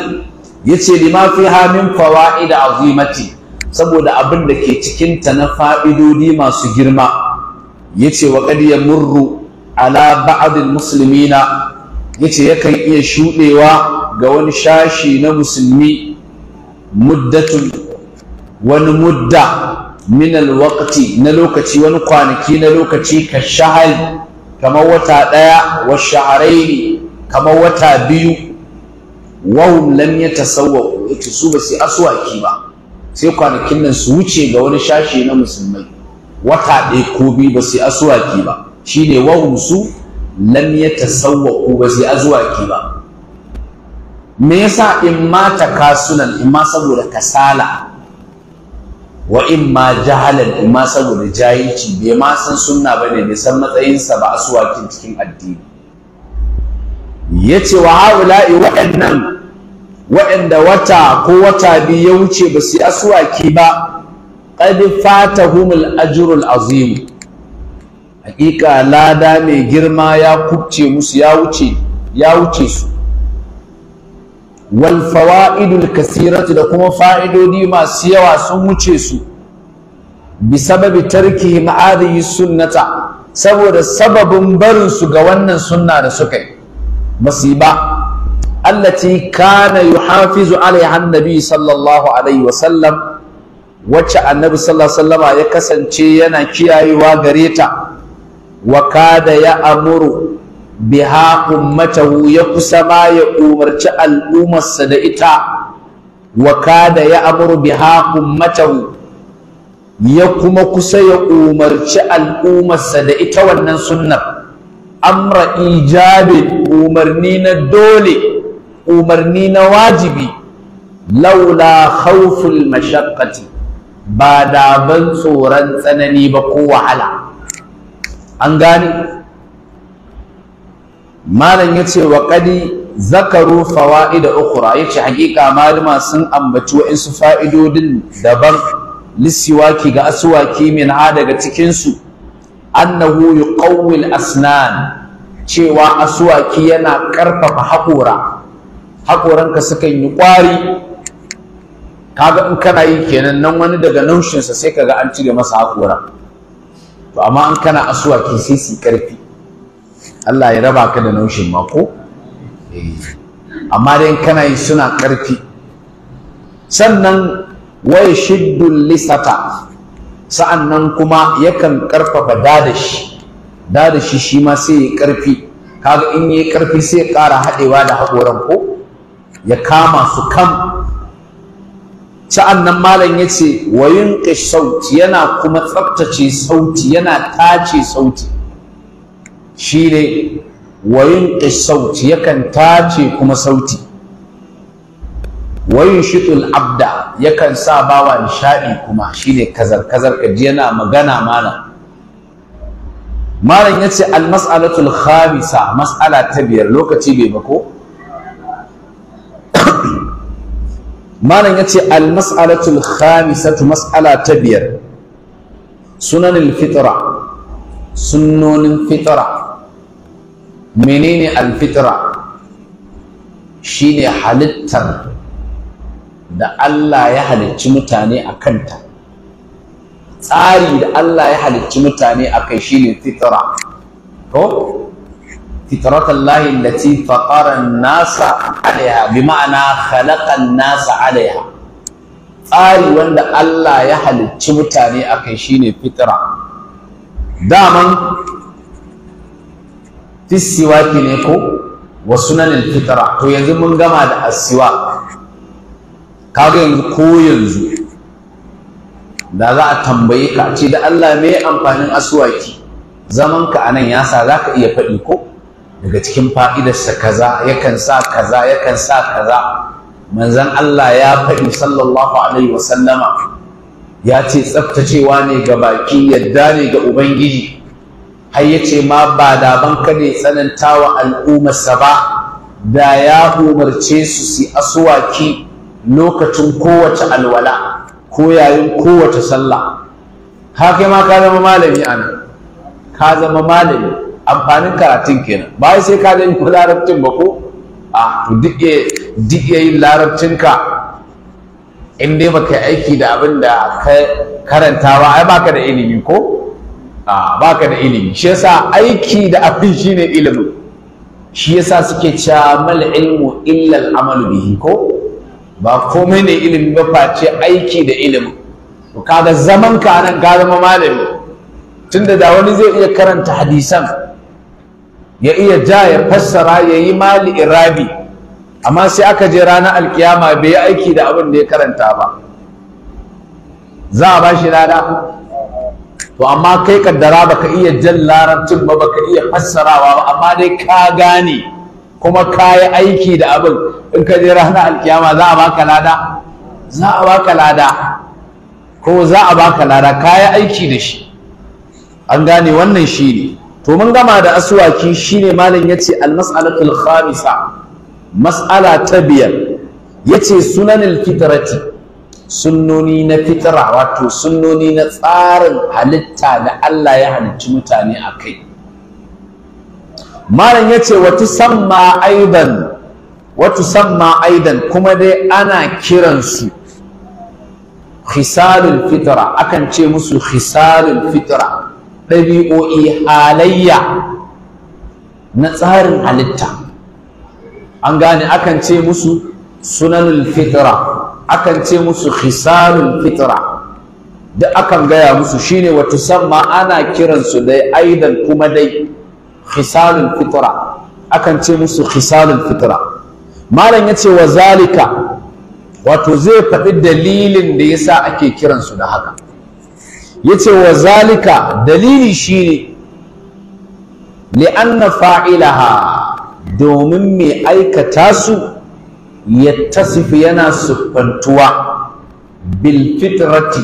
ce lima fiha min fawaid azimati saboda abin da ke cikinta na fa'idodi masu girma ya ce wa ƙadiyar murru ala ba'adil muslimina yace yakan iya shudewa ga wani shashi na musulmi muddatun wani mudda min alwaqti na lokaci wani kwanaki na lokaci ka shahal kamar wata daya wa shahraini kamar wata biyu wahum lam yatasawwaqu yace su ba su aswaki ba sai kwanakin nan su wuce ga wani shashi na musulmai wata ɗaya ko biyu ba su aswaki ba shine wahumsu lam yatasawwaqu ba sai ki ba me yasa in ma takasulan in ma saboda kasala wa in ma jahalan in ma saboda jahilci bai ma san sunna bane bai san matsayinsa ba asuwakin cikin addini yace wa haula'i waɗannan waɗanda wata ko wata biyu ya wuce ba su yi asuwaki ba qad humul ajrul azim hakika lada mai girma ya kubce musu ya wuce ya wuce su wal fawaidul kasiratu da kuma fa'idodi masu yawa sun wuce su bi sababi tarki ma'adiyi sunnata saboda sababin barin su ga wannan sunna da suka yi masiba allati kana yuhafizu alaiha annabi sallallahu alaihi wa sallam wacce annabi sallallahu alaihi sallama ya kasance yana kiyayewa gareta. Wakada ya amuru biha ummatahu ya kusa ma ya umarci al'ummarsa da ita Wakada ya amuru biha ummatahu ya kuma kusa ya umarci al'ummarsa da ita wannan sunnar amra ijabi umarni na dole umarni na wajibi laula khawful mashaqqati ba da ban tsoron tsanani ba ko wahala an gane malam ya ce wa kadi zakaru fawa'ida Ya ce hakika malama sun ambaci wa'insu fa'idodin daban lissiwaki ga asuwaki min ha daga cikinsu? su annahu yuqawwi al-asnan cewa asuwaki yana ƙarfafa haƙora. Haƙoranka sukan yi kwari kaga in kana yi kenan nan wani daga naushinsa sai kaga an cire masa haƙora. to amma an kana asuwaki sai su karfi Allah ya raba ka da naushin mako eh. amma dai kana yi suna karfi sannan wai shiddul lisata sa'annan kuma yakan karfafa dadashi dadashi shi ma sai ya karfi kaga in yayi karfi sai ya ƙara haɗewa da haƙoran ko ya kama su kan. sa'an nan malam ya ce wa yunqish sauti yana kuma tsaftace sauti yana tace sauti ne wa yunqish sauti yakan tace kuma sauti wa yunshitul abda yakan sa bawa nishaɗi kuma ne kazar kazar kaji yana magana malam malam ya ce masalatul khamisa mas'ala ta biyar lokaci bai bako malam ya ce almas'alatul khamisatu mas'ala ta biyar sunanin fitra sunnonin fitra menene alfitra ne halittar da Allah ya halicci mutane a kanta tsari da Allah ya halicci mutane a kai shine fitra fitratan lahi allati fatara nasa adaya. bi ma'ana khalaqan nasa adaya. tsari wanda Allah ya halicci mutane akai shine fitra daman fisiwaki ne ko wa sunanin fitra to yanzu mun gama da asiwa kaga yanzu ko yanzu da za a tambaye ka ce da Allah me amfanin aswaki zaman ka anan ya sa za ka iya faɗi ko daga cikin fa'idarsa kaza yakan sa kaza yakan sa kaza manzon Allah ya faɗi sallallahu alaihi wasallama ya ce tsaftacewa ne ga baki yadda ne ga ubangiji har ya ce ma ba da ban ne tsananta wa al'ummarsa ba da ya umarce su si asuwaki lokacin kowace alwala ko yayin kowace sallah haka ma ka zama malami ana ka zama malami amfanin karatun kenan ba sai ka da yin larabcin ba ko a ah, duk ya yin larabcinka in dai baka aiki da abin da ka karanta ba ai baka da ilimi ko a ah, baka da ilimi shi yasa aiki da abin ne ilimin shi yasa suke cewa mal ilmu illa al amalu bihi ko ba komai ne ilimi ba face aiki da ilimi. to kaga zaman ka nan ka zama malami tunda da wani zai iya karanta hadisan ya iya ja ya fassara ya yi mali irabi amma sai aka je ranar alkiyama bai yi aiki da abin da ya karanta ba za a ba shi rana to amma kai kaddara baka iya jan larabcin ba baka iya fassarawa ba amma dai ka gane kuma ka yi aiki da abin in ka je ranar alkiyama za a baka lada za a baka lada ko za a baka lada ka yi aiki da shi an gane wannan shi ne to mun gama da asuwaki shine malam yace al-mas'alatul khamisa mas'ala ta biyar yace sunanul fitrati sunnoni na fitra wato sunnoni na tsarin halitta da Allah ya halicci mutane a kai malam yace wa tusamma aidan wa tusamma aidan kuma dai ana kiransu khisalul fitra akan ce musu khisalul fitra ɗabi'o'i halayya na tsarin halitta an gane akan ce musu sunanul fitra akan ce musu khisalul fitra da akan gaya musu shine wata samma ana kiransu dai aidan kuma dai khisalul fitra akan ce musu khisalul fitra malam ya ce wa zalika wato zai faɗi dalilin da yasa ake kiransu da haka yace wa zalika dalili shine li'anna fa'ilaha domin mai aikata su yattasifu yana siffantuwa bil fitrati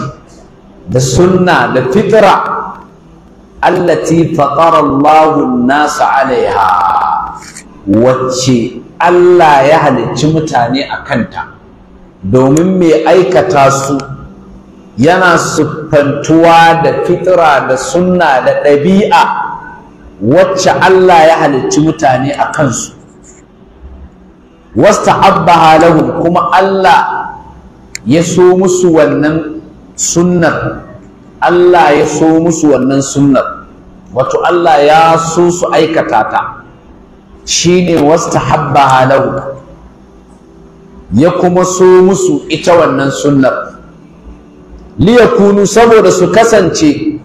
da sunna da fitra allati fatara Allahu nasa alaiha wacce Allah ya halicci mutane a kanta domin mai aikata su yana siffantuwa da fitira da sunna da ɗabi'a wacce Allah ya halicci mutane a kansu wasta abbaha lahum kuma Allah ya so musu wannan sunnar Allah ya so musu wannan sunnar wato Allah ya so su aikata ta shine wasta Abba halahu, ya kuma so musu ita wannan sunnar liyakunu saboda su kasance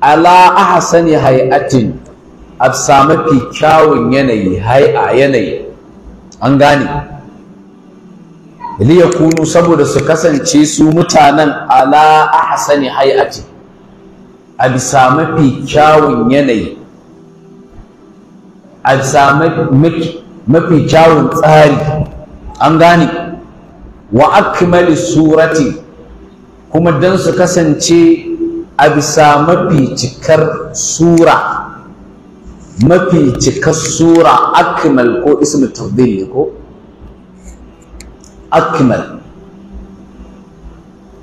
ala hay'atin a samu yanayi hay'a yanayi an gane saboda su kasance su mutanen ala ahsani hay'atin a bisa mafi kyawun yanayi a mafi kyawun tsari an gane wa akmali surati kuma don su kasance a bisa mafi cikar sura mafi cikar sura akimal ko ne ko akimal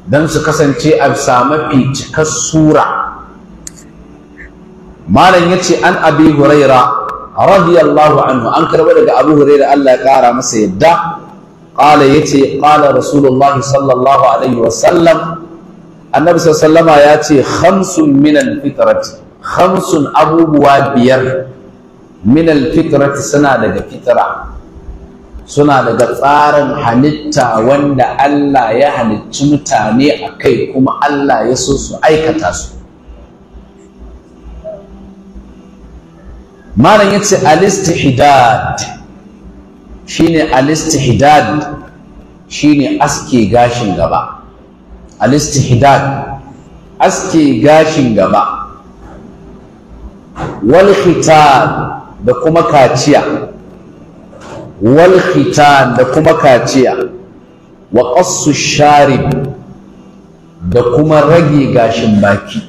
don su kasance a bisa mafi cikar sura malam ya ce an abi huraira radiyallahu anhu an karɓa daga abu huraira allah ya ƙara masa yadda qala yace qala rasulullahi sallallahu alaihi wasallam annabi sallallahu alaihi ya ce khamsun min alfitrati khamsun abubuwa biyar min alfitrati suna daga fitra suna daga tsarin halitta wanda Allah ya halicci mutane a kai kuma Allah ya so su aikata su malam yace alistihdad shine alistihdad shine aske gashin gaba alistihdad aske gashin gaba wal khitan da kuma kaciya wal khitan da kuma kaciya wa qassu sharib da kuma rage gashin baki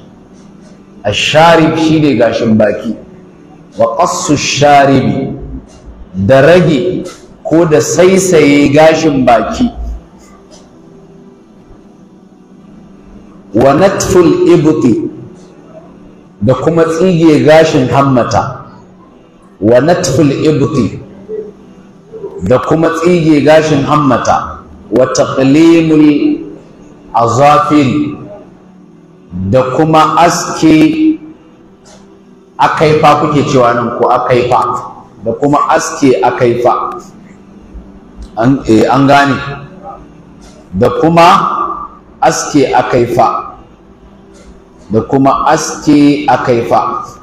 asharib shine gashin baki wa qassu sharibi da rage ko da saisaye gashin baki wa natful ibti da kuma tsige gashin hammata wa natful ibti da kuma tsige gashin hammata wa taqlimul azafil da kuma aske akaifa kuke cewa nan ko akaifa da kuma aske akaifa Eh, an gane da kuma aske a kaifa da kuma aske a kaifa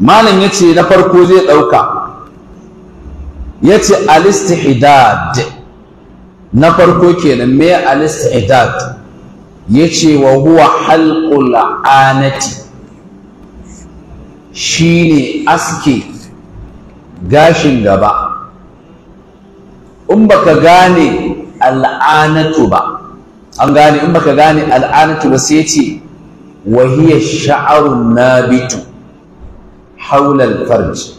malam ya ce na farko zai ɗauka ya ce alistihdad na farko kenan me alistihdad ya ce wa huwa halƙul anati shi ne aske gashin gaba in baka gane al'anatu ba an gane in baka gane al'anatu ba sai ce wa hiya sha'arun nabitu haular farji.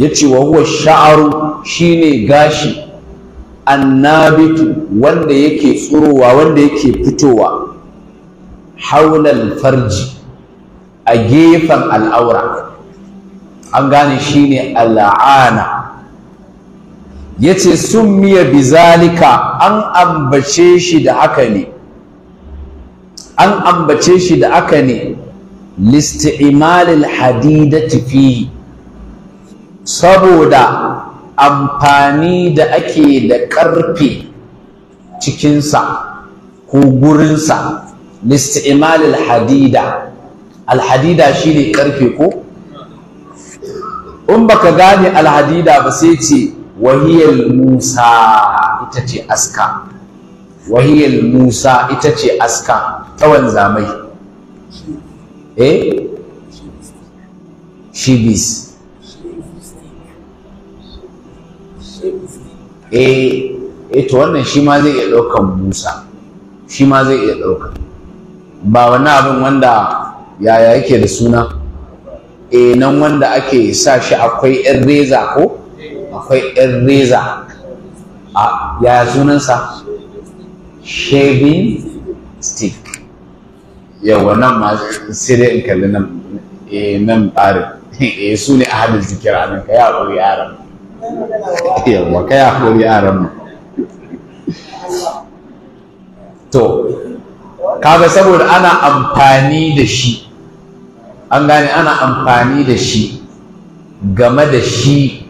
Ya ce wa huwa sha'aru shine gashi an annabitu wanda yake tsurowa wanda yake fitowa haular farji a gefen al'aura an gane shine al'ana yace summiya bizalika an ambace shi da haka ne an ambace shi da haka ne listi'imalil hadidati fihi saboda amfani da ake da ƙarfe cikinsa ko gurinsa listi'malil hadida alhadida shine karfe ko in baka gane alhadida ba sai ce Wahiyar musa ita ce aska wahiyar musa ita ce aska tsawon zamai eh shibis eh, eh to wannan shi ma zai iya ɗaukan musa shi ma zai iya ɗauka ba wani abin wanda yaya yake da suna eh nan wanda ake sa shi akwai 'yan reza ko akwai ɗan reza a ya sunansa shaving stick yau nan ma sai dai in kalli nan eh, nan ɓarin (laughs) eh su ne ahalin zikira nan ka ya ƙuri yaran yawa ka ya ƙuri yaran mu to kaga saboda ana amfani da shi an gane ana amfani da shi game da shi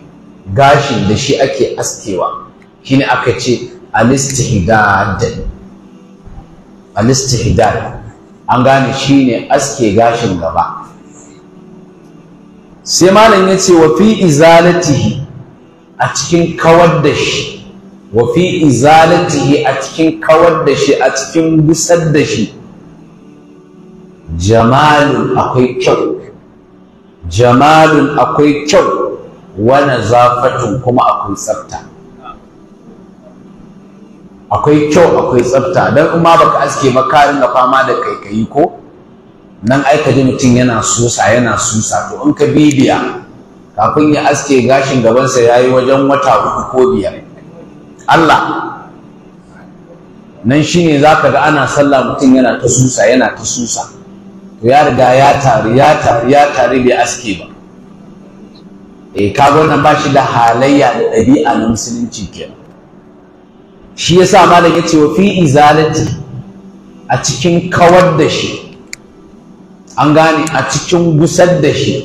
gashin da shi ake askewa ne aka ce alistihdad alistihdad an gane shi ne aske gashin gaba sai malam ya ce wa fi izalatihi a cikin kawar da shi wa fi izalatihi a cikin kawar da shi a cikin busar da shi jamalun akwai kyau jamalun akwai kyau wani zafatun kuma akwai tsafta akwai kyau akwai tsafta don in baka aske ba ka fama da kaikayi ko nan aika ji mutum yana susa yana susa to in ka bibiya kafin ya aske gashin gabansa ya yi wajen wata uku ko biyar Allah nan shi ne za ka ga ana sallah mutum yana ta susa yana ta susa to ya riga ya tari ya tari ya tari bai aske ba eh kaga wannan ba shi da halayya da ɗabi'a na musulunci kenan shi yasa malam yace wa fi izalati a cikin kawar da shi an gane a cikin gusar da shi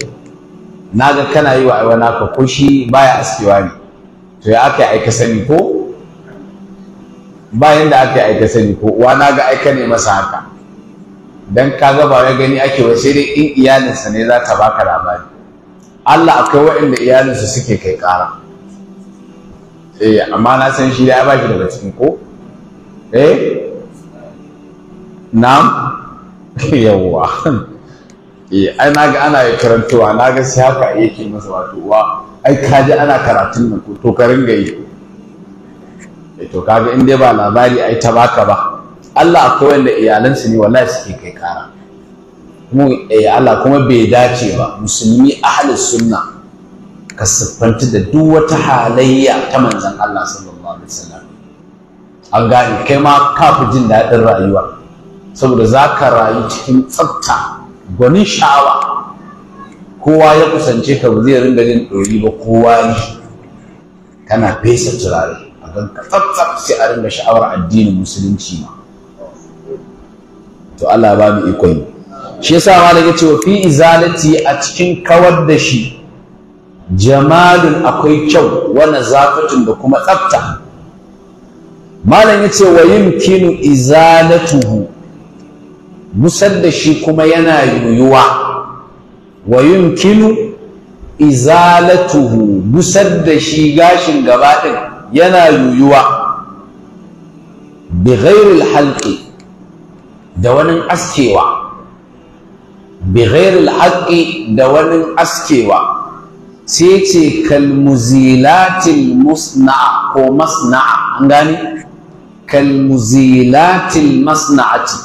naga kana yi wa aiwa naka ko shi baya askewa ne to ya aka aika sani ko bayan da aka aika sani ko wa naga aika ne masa haka dan kaga ba wai gani ake wa sai dai in iyalinsa ne za ta baka labari Allah akwai waɗanda iyalinsa suke kai ƙara eh amma na san shi da ya bashi daga cikin ko eh na'am (laughs) yawwa eh ai naga ana karantowa naga sai haka yake masa wato wa ai ji ana karatun nan ko to ka ringa yi eh to kaga in dai ba labari ai ta baka ba Allah akwai waɗanda iyalansu ne wallahi suke kai ƙara. mu eh, Allah kuma bai dace ba musulmi ahli sunna ka siffanta da duk wata halayya ta manzon Allah sallallahu alaihi wasallam an gane kai ma ka fi jin daɗin rayuwa saboda za ka rayu cikin tsafta gwanin sha'awa kowa ya kusance ka ba zai ringa jin ɗori ba kowa yi. kana fesa turare a kan ka sai a ringa sha'awar addinin musulunci ma to Allah ba mu ikon yi shi yasa malam ce wa fi izalati a cikin kawar da shi jamalun akwai kyau wa nazafatun da kuma tsafta malam yace wa kinu izalatuhu musar da shi kuma yana yiwuwa wa kinu izalatuhu busar da shi gashin gabaɗin yana yuyuwa bi ghairil halqi da wani askewa bighairil haqqi da wani askewa sai ce kalmuzilatil musna'a ko masna'a an gane kalmuzilatil masna'ati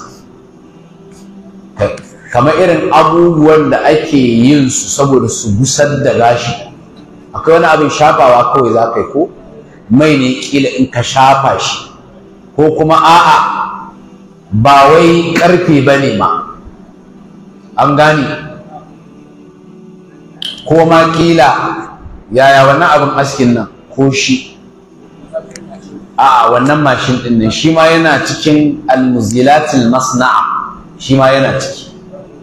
kamar irin abubuwan da ake yin su saboda su busar da gashi akwai wani abin shafawa kawai za ka yi ko mai ne kila in ka shafa shi ko kuma a'a ba wai karfe ba ne ma an gane ko ma kila yaya wannan abin askin nan ko shi a wannan mashin din nan shi ma yana cikin almuzilatil masna'a shi ma yana ciki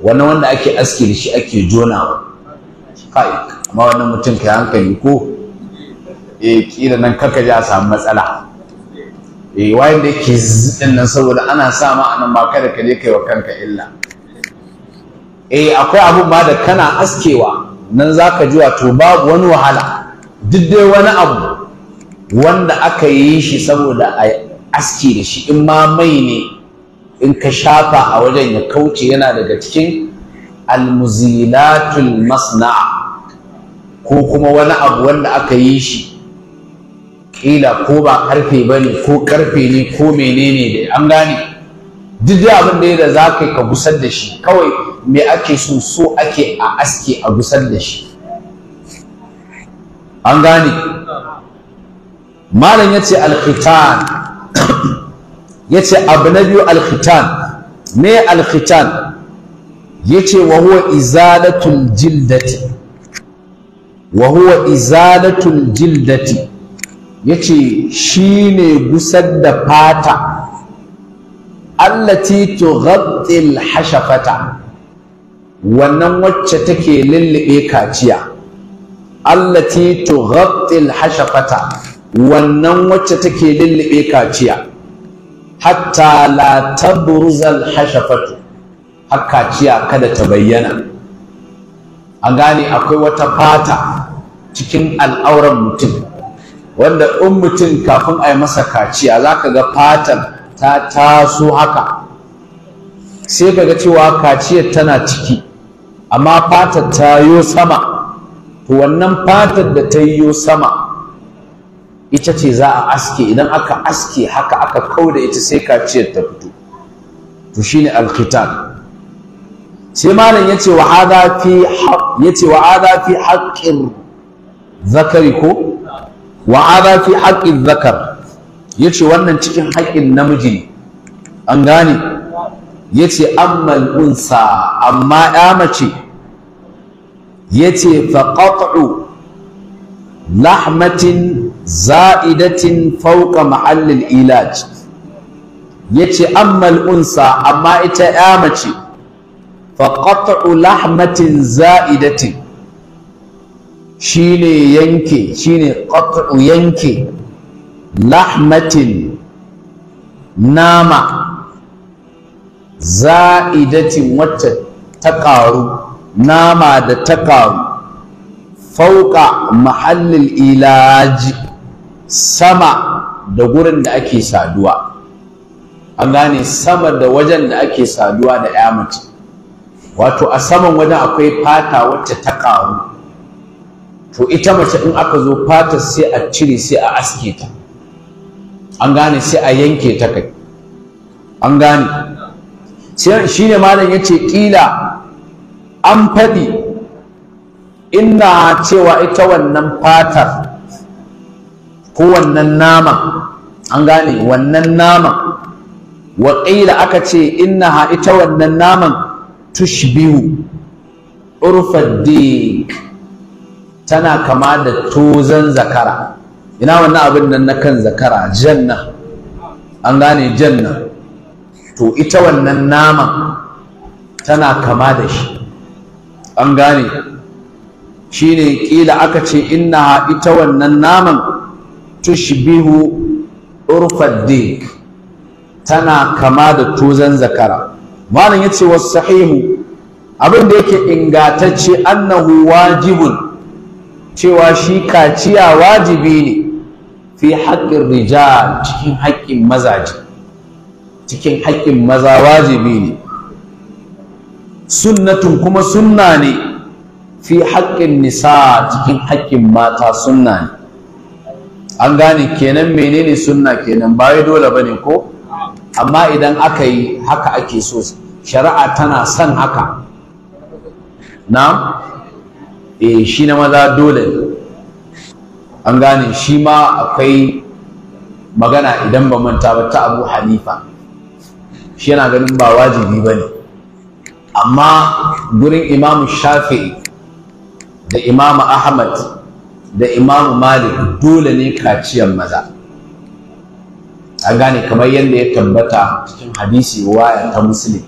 wannan wanda ake aski da shi ake jonawa kai amma wannan mutum kai hankali ko eh kila nan kaka ji a samu matsala eh wayan da yake zidin nan saboda ana sa ma anan ba kada ka je kai wa kanka illa eh akwai abun ba da kana askewa nan za ji wato babu wani wahala duk dai wani abu wanda aka yi shi saboda a aski da shi in ma mai ne in ka shafa a wajen ya kauce yana daga cikin almuzilatul masna'a ko kuma wani abu wanda aka yi shi ƙila ko ba karfe ba ne ko karfe ne ko menene da an gane duk abin da ya da za ka yi ka gusar da shi kawai me ake so so ake a aske a gusar da shi an gane malam yace al Ya yace (coughs) abu na biyu al me al-khitan yace wa huwa izalatul jildati wa huwa izalatul jildati yace shine gusar da fata allati tughatti al-hashafata wannan wacce take lullube kaciya allati tughattil hashafata wannan wacce take lullube kaciya hatta la tabruzal hashafatu har kaciya kada ta bayyana an gane akwai wata fata cikin al'auran mutum wanda in mutum kafin a yi masa kaciya za ka ga fatan ta taso haka sai ka ga cewa kaciyar tana ciki amma fatar ta yo sama to wannan fatar da ta yo sama ita ce za a aske idan aka aske haka aka kauda ita sai kaciyar ta fito to shine alkitab sai malam yace wa hadha fi yace haqqin zakari ko wa hadha fi haqqin zakar yace wannan cikin haƙƙin namiji an gane yace ammal unsa amma ya mace yace fa qat'u lahmatin za'idatin fauka mahallil ilaj yace ammal unsa amma ita ya mace fa qat'u lahmatin za'idatin shine yanke yanke lahmatin nama za'idatin wacce ta ƙaru nama da ta ƙaru fauka mahallin ilaji sama da gurin da ake saduwa an gane sama da wajen da ake saduwa da ya mace wato a saman wajen akwai fata wacce ta ƙaru to ita mace in aka zo fata sai a cire sai a aske ta an gane sai a yanke ta kai an gane shi ne malam ya ce ƙila an faɗi ina cewa ita wannan fatar ko wannan nama an gane wannan nama wa ƙila aka ce inna ita wannan naman tushbihu urfaddik tana kama da tozan zakara ina wannan abin nan na kan zakara janna an gane janna to ita wannan naman tana kama da shi an gane shi ne ƙila aka ce inna ita wannan naman tushbihu urfaddik tana kama da tuzan zakara malam yace was sahihu abin da yake ingatacce annahu wajibun cewa shi kaciya wajibi ne fi haƙƙin rijal cikin haƙƙin mazaje cikin haƙƙin maza wajibi ne sunnatun kuma sunna ne fi haƙƙin nisa cikin haƙƙin mata sunna ne an gane kenan menene sunna kenan bayi dole dole bane ko amma idan aka yi haka ake so shari'a tana son haka na eh shi na maza dole an gane shi ma akwai magana idan ba manta ba ta Abu Hanifa shi yana ganin ba wajibi ba ne amma gurin imamu shafi da imamu ahmad da imamu malik dole ne kaciyar maza A gane kamar yadda ya tabbata cikin hadisi waya ta muslim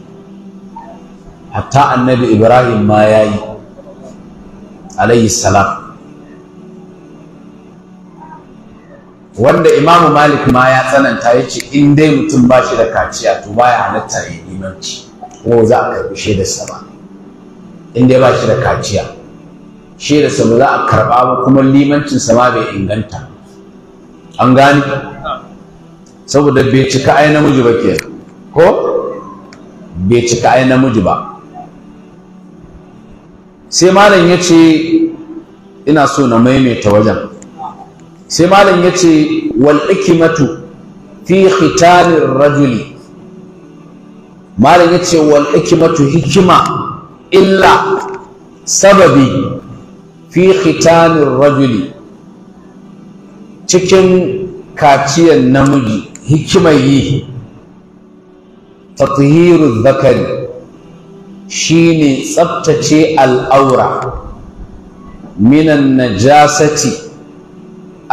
hatta annabi ibrahim ma ya yi alayhi salam wanda imamu malik ma ya tsananta ya ce in dai mutum ba shi da kaciya to baya halatta ya yi imanci ko za a karɓi shaidarsa ba in dai ba shi da kaciya shaidarsa ba za a karɓa ba kuma limancin sama bai inganta an gane saboda bai cika ai namiji ba ke ko bai cika ai namiji ba sai malam ya ce ina so na maimaita wajen sai malam ya ce wal fi khitanin rajuli malam ya ce wal hikima illa sababi fi khitanin rajuli cikin kaciyan namiji hikimar yi tathiru zakari shine tsabtace al'aura minan najasati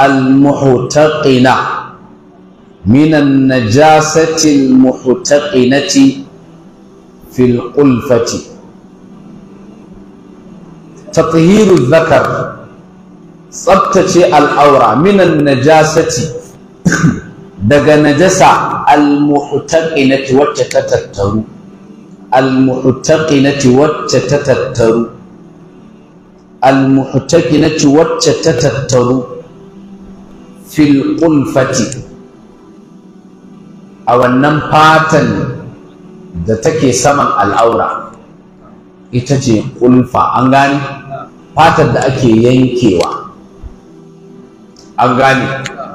المحتقنة من النجاسة المحتقنة في القلفة تطهير الذكر صبتشي الأورا من النجاسة دغ نجاسة المحتقنة وتتتر المحتقنة وتتتر المحتقنة وتتتر المحتقنة وتتتر fil ƙulfati a wannan fatan da take saman al'aura ita ce kulfa an gane fatar da ake yankewa an gane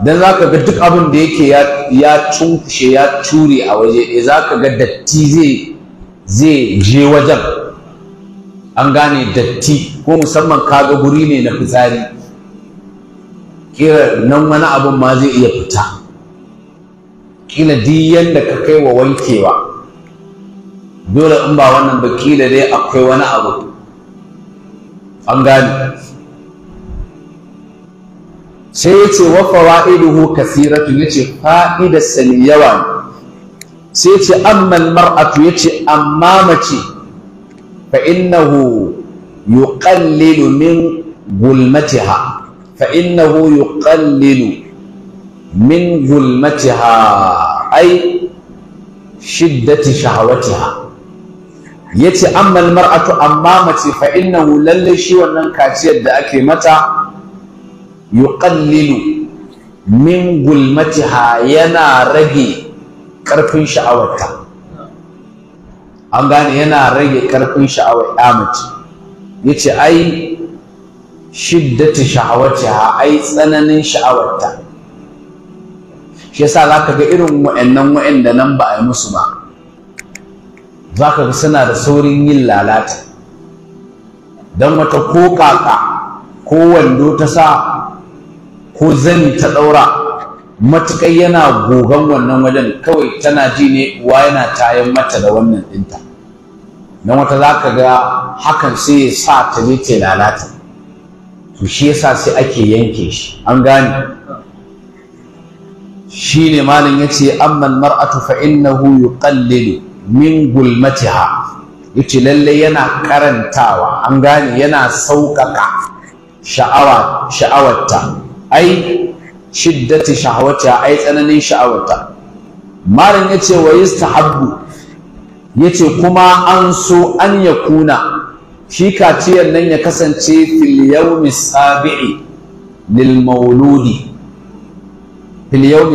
don za ka ga duk abin da yake ya cunkushe ya ture a waje ɗaya eh, za ka ga datti zai je wajen an gane datti ko musamman kaga guri ne na fitsari kila nan wani abin ma zai iya fita kila duk da ka kai wa wankewa dole in ba wannan ba kila dai akwai wani abu an gane sai ya ce wa fawa'iduhu kasiratun ya ce fa'idarsa ne yawa ne sai ce ammal mar'atu ya ce amma mace fa innahu yuqallilu min gulmatiha فإنه يقلل من ظلمتها أي شدة شهوتها yace ammal mar'atu amma mace fa'inahu lallai lalle shi wannan kaciyar da ake mata yuqallilu min gulmatiha yana rage karfin sha'awarta an gane yana rage karfin sha'awar ya mace yace ai shiddati shahawatiha ai tsananin sha'awarta shi yasa zaka ga irin wa'annan wa'anda nan ba a yi musu ba zaka ga suna da saurin yin lalata don wata ko kaka ko wando ta sa ko zani ta ɗaura matukai yana gogon wannan wajen kawai tana ji ne uwa yana tayan mata da wannan ɗinta don wata za ka ga hakan sai ya sa ta je ta lalata to shi yasa sai ake yanke shi an gane shine malam yace amma almar'atu fa innahu yuqallilu min gulmatiha yace lalle yana karantawa an gane yana sauƙaƙa sha'awa sha'awarta ai shiddati sha'awata. ai tsananin sha'awata. malam yace wa yastahabbu yace kuma an so an yakuna shi kaciyar nan ya kasance filiyar yawmi sabi'i lil mauludi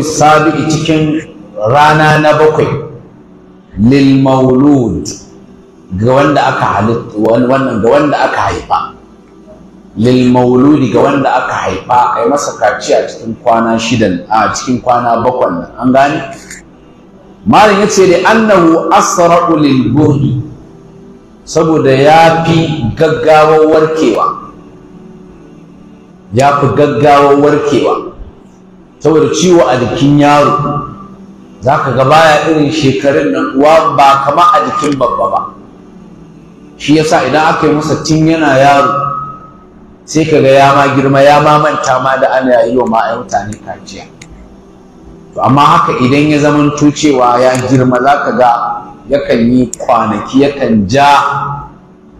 sabi'i cikin rana na bakwai lil ga wanda aka halitta ga wanda aka haifa lil ga wanda aka haifa ai masa kaciya cikin kwana shidan a cikin kwana bakwai nan an gane malam ce da annahu asra'u lil saboda ya fi gaggawar warkewa ya fi gaggawar warkewa saboda ciwo a jikin yaro za ka ga baya irin shekarun nan uwa ba kama a jikin babba ba shi yasa idan aka yi masa tun yana yaro sai ka ga ya ma girma ya ma manta ma da ana yi wa ma'ayin mutane kaciya to amma haka idan ya zamanto cewa ya girma za ka ga yakan yi kwanaki yakan ja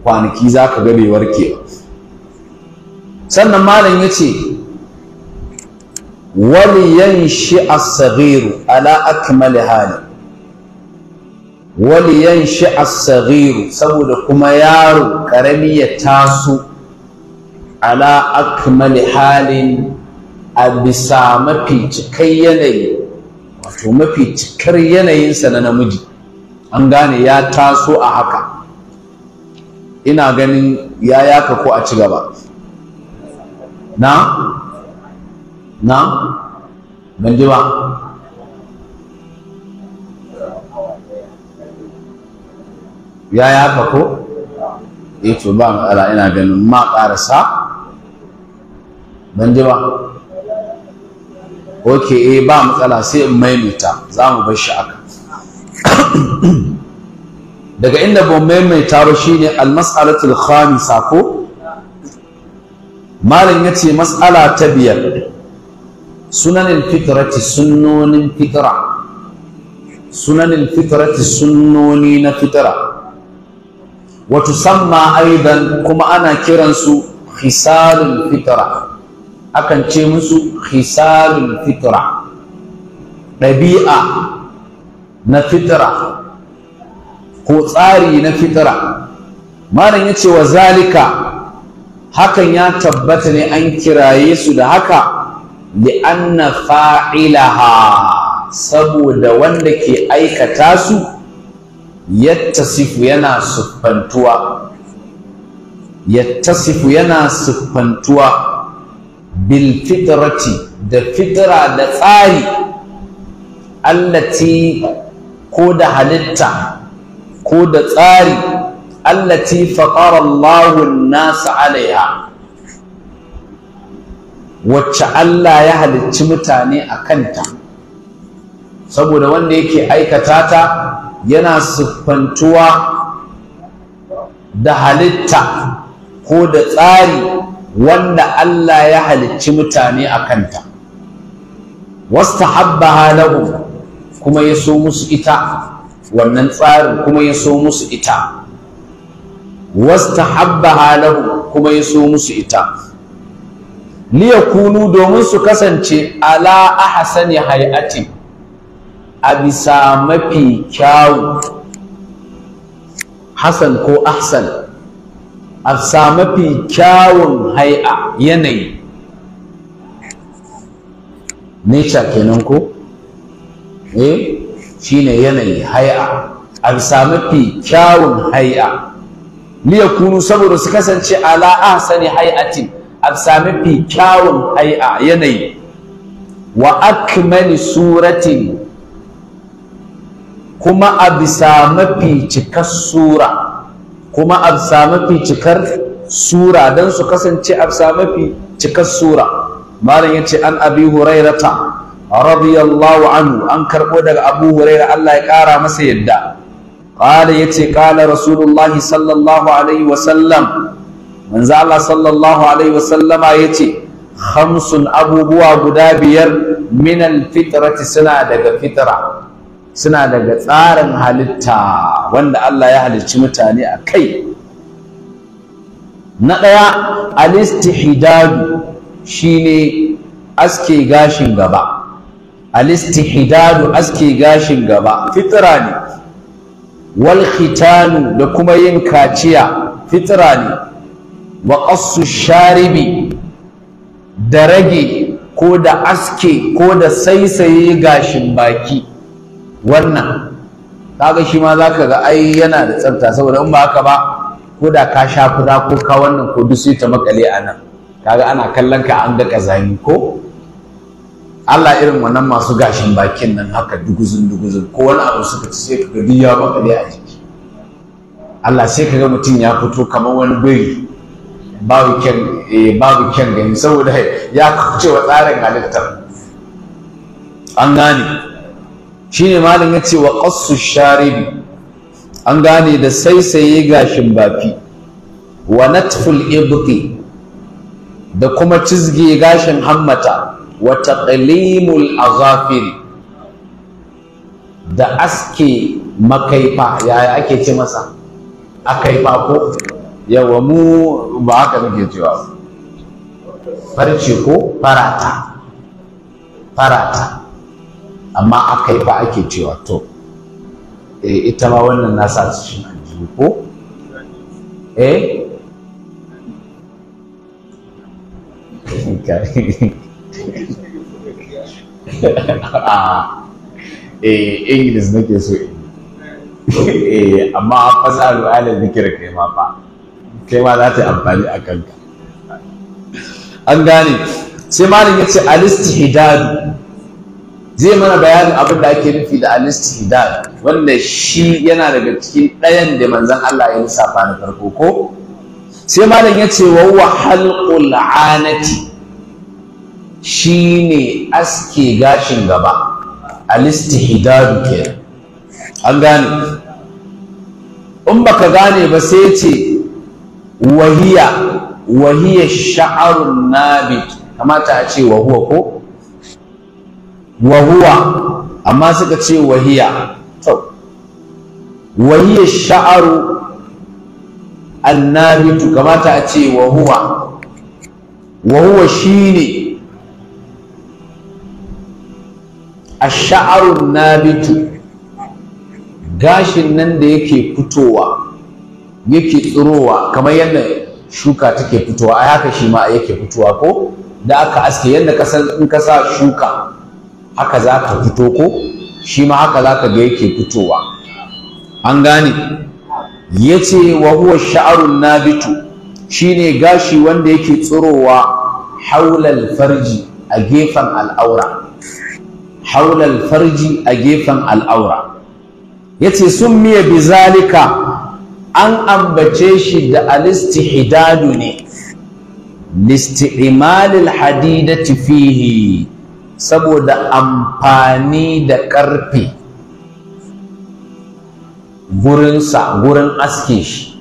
kwanaki za ka ga bai warke sannan malam ya ce shi a tsagiru ala akmali hali shi a tsagiru saboda kuma yaro karami ya taso ala mali halin a bisa mafi cikar yanayi wato mafi cikar yanayinsa na namiji an gane ya taso a haka ina ganin ya yaka ko a ci gaba na na ban ji ba ya yaka ko E to ba ala ina ganin ma karasa ban ji ba ok e ba matsala sai in maimaita za mu bar shi aka daga inda ba maimaita ba shine almasalatul masalatul khamisa ko malam yace mas'ala ta biyar sunanin fitrati sunnonin fitra sunanin fitrati sunnoni na fitra wa samma aidan kuma ana kiransu hisalin fitra akan ce musu hisalin fitra ɗabi'a na fitra ko tsari na fitira malam ya ce wa zalika hakan ya tabbata ne an kiraye su da haka li'anna fa'ilaha saboda wanda ke aikata su yattasifu yana siffantuwa yattasifu yana siffantuwa bil fitrati da fitra da tsari allati ko da halitta ko da tsari allati faqara Allahu an-nas 'alaiha wacce Allah ya halicci mutane a kanta saboda wanda yake aikata ta yana siffantuwa da halitta ko da tsari wanda Allah ya halicci mutane a kanta wastahabbaha lahum kuma ya so musu ita wannan tsarin kuma ya so musu ita habba halahu kuma ya so musu ita kunu domin su kasance ala ahsani hay'ati a bisa mafi kyawu hasan ko ahsan a bisa mafi kyawun hai'a yanayi nature kenan ko eh shine yanayi hai'a an samu fi kyawun hai'a kunu saboda su kasance ala ahsani hayatin an sami fi kyawun hai'a yanayi wa akmali suratin kuma a bisa mafi cikar sura kuma a bisa mafi cikar sura don su kasance a bisa mafi cikar sura malam yace an abi hurairata radiyallahu anhu an karɓo daga abu huraira allah ya ƙara masa yadda ƙala ya ce ƙala rasulullahi sallallahu alaihi wasallam manzo allah sallallahu alaihi wasallama ya ce khamsun abubuwa guda biyar minan fitrati suna daga fitra suna daga tsarin halitta wanda allah ya halicci mutane a kai na ɗaya alistihidadu shine aske gashin gaba alistihidadu aske gashin gaba fitra ne wal khitanu da kuma yin kaciya fitra ne wa qassu sharibi da rage ko da aske ko da saisaye gashin baki wannan kaga shi ma zaka ga ai yana da tsafta saboda in ba haka ba ko da ka sha kuda ko ka wannan ko duk sai ta makale a nan kaga ana kallon ka an ga kazani ko Allah irin wannan masu gashin bakin nan haka duguzun duguzun ko wani abu suka ci sai kaga duk ya baka dai a jiki Allah sai kaga mutum ya fito kamar wani biri babu eh babu ken gani saboda ya wa tsarin halittar an gane shine malam yace wa qassu sharibi an gane da saisaye gashin bafi wa natful ibqi da kuma cizge gashin hammata wa taqlimul azafiri da aske makaifa yaya ake ce masa akaifa ko yawa mu ba haka nake cewa farce ko farata farata amma akaifa ake cewa to eh, ita ma wannan na sa cikin aljihu ko eh (laughs) Ah, eh na nake so eh amma fasalu alal zikir kai ma fa kai ma za ta amfani a kanka an gane sai malam ya ce alistihdadu zai mana bayanin abin da ake nufi da alistihdad wanda shi yana daga cikin ɗayan da manzon Allah ya lissafa na farko ko sai malam ya ce wa huwa halqul anati shi ne aske gashin gaba alistihdadu ke an gane in baka gane ba sai ce wahiya wahiya sha'arun nabit kamata a ce wahuwa ko wahuwa amma suka ce wahiya to wahiya sha'aru annabitu kamata a ce wahuwa wahuwa shine A sha'arun nabitu gashin nan da yake fitowa yake tsirowa kamar yadda shuka take fitowa ai haka shi ma yake fitowa ko da aka aske yadda kasar san in ka sa shuka haka za ka fito ko shi ma haka za ka ga yake fitowa an gane ya ce wa huwa sha'arun nabitu shi ne gashi wanda yake tsirowa haulal farji a gefen al'aura haulal farji a gefen al'aura Ya ce sun miya bizalika an ambace shi da alistihdadu ne listi'imalil hadidati fihi saboda amfani da ƙarfe gurinsa gurin aske shi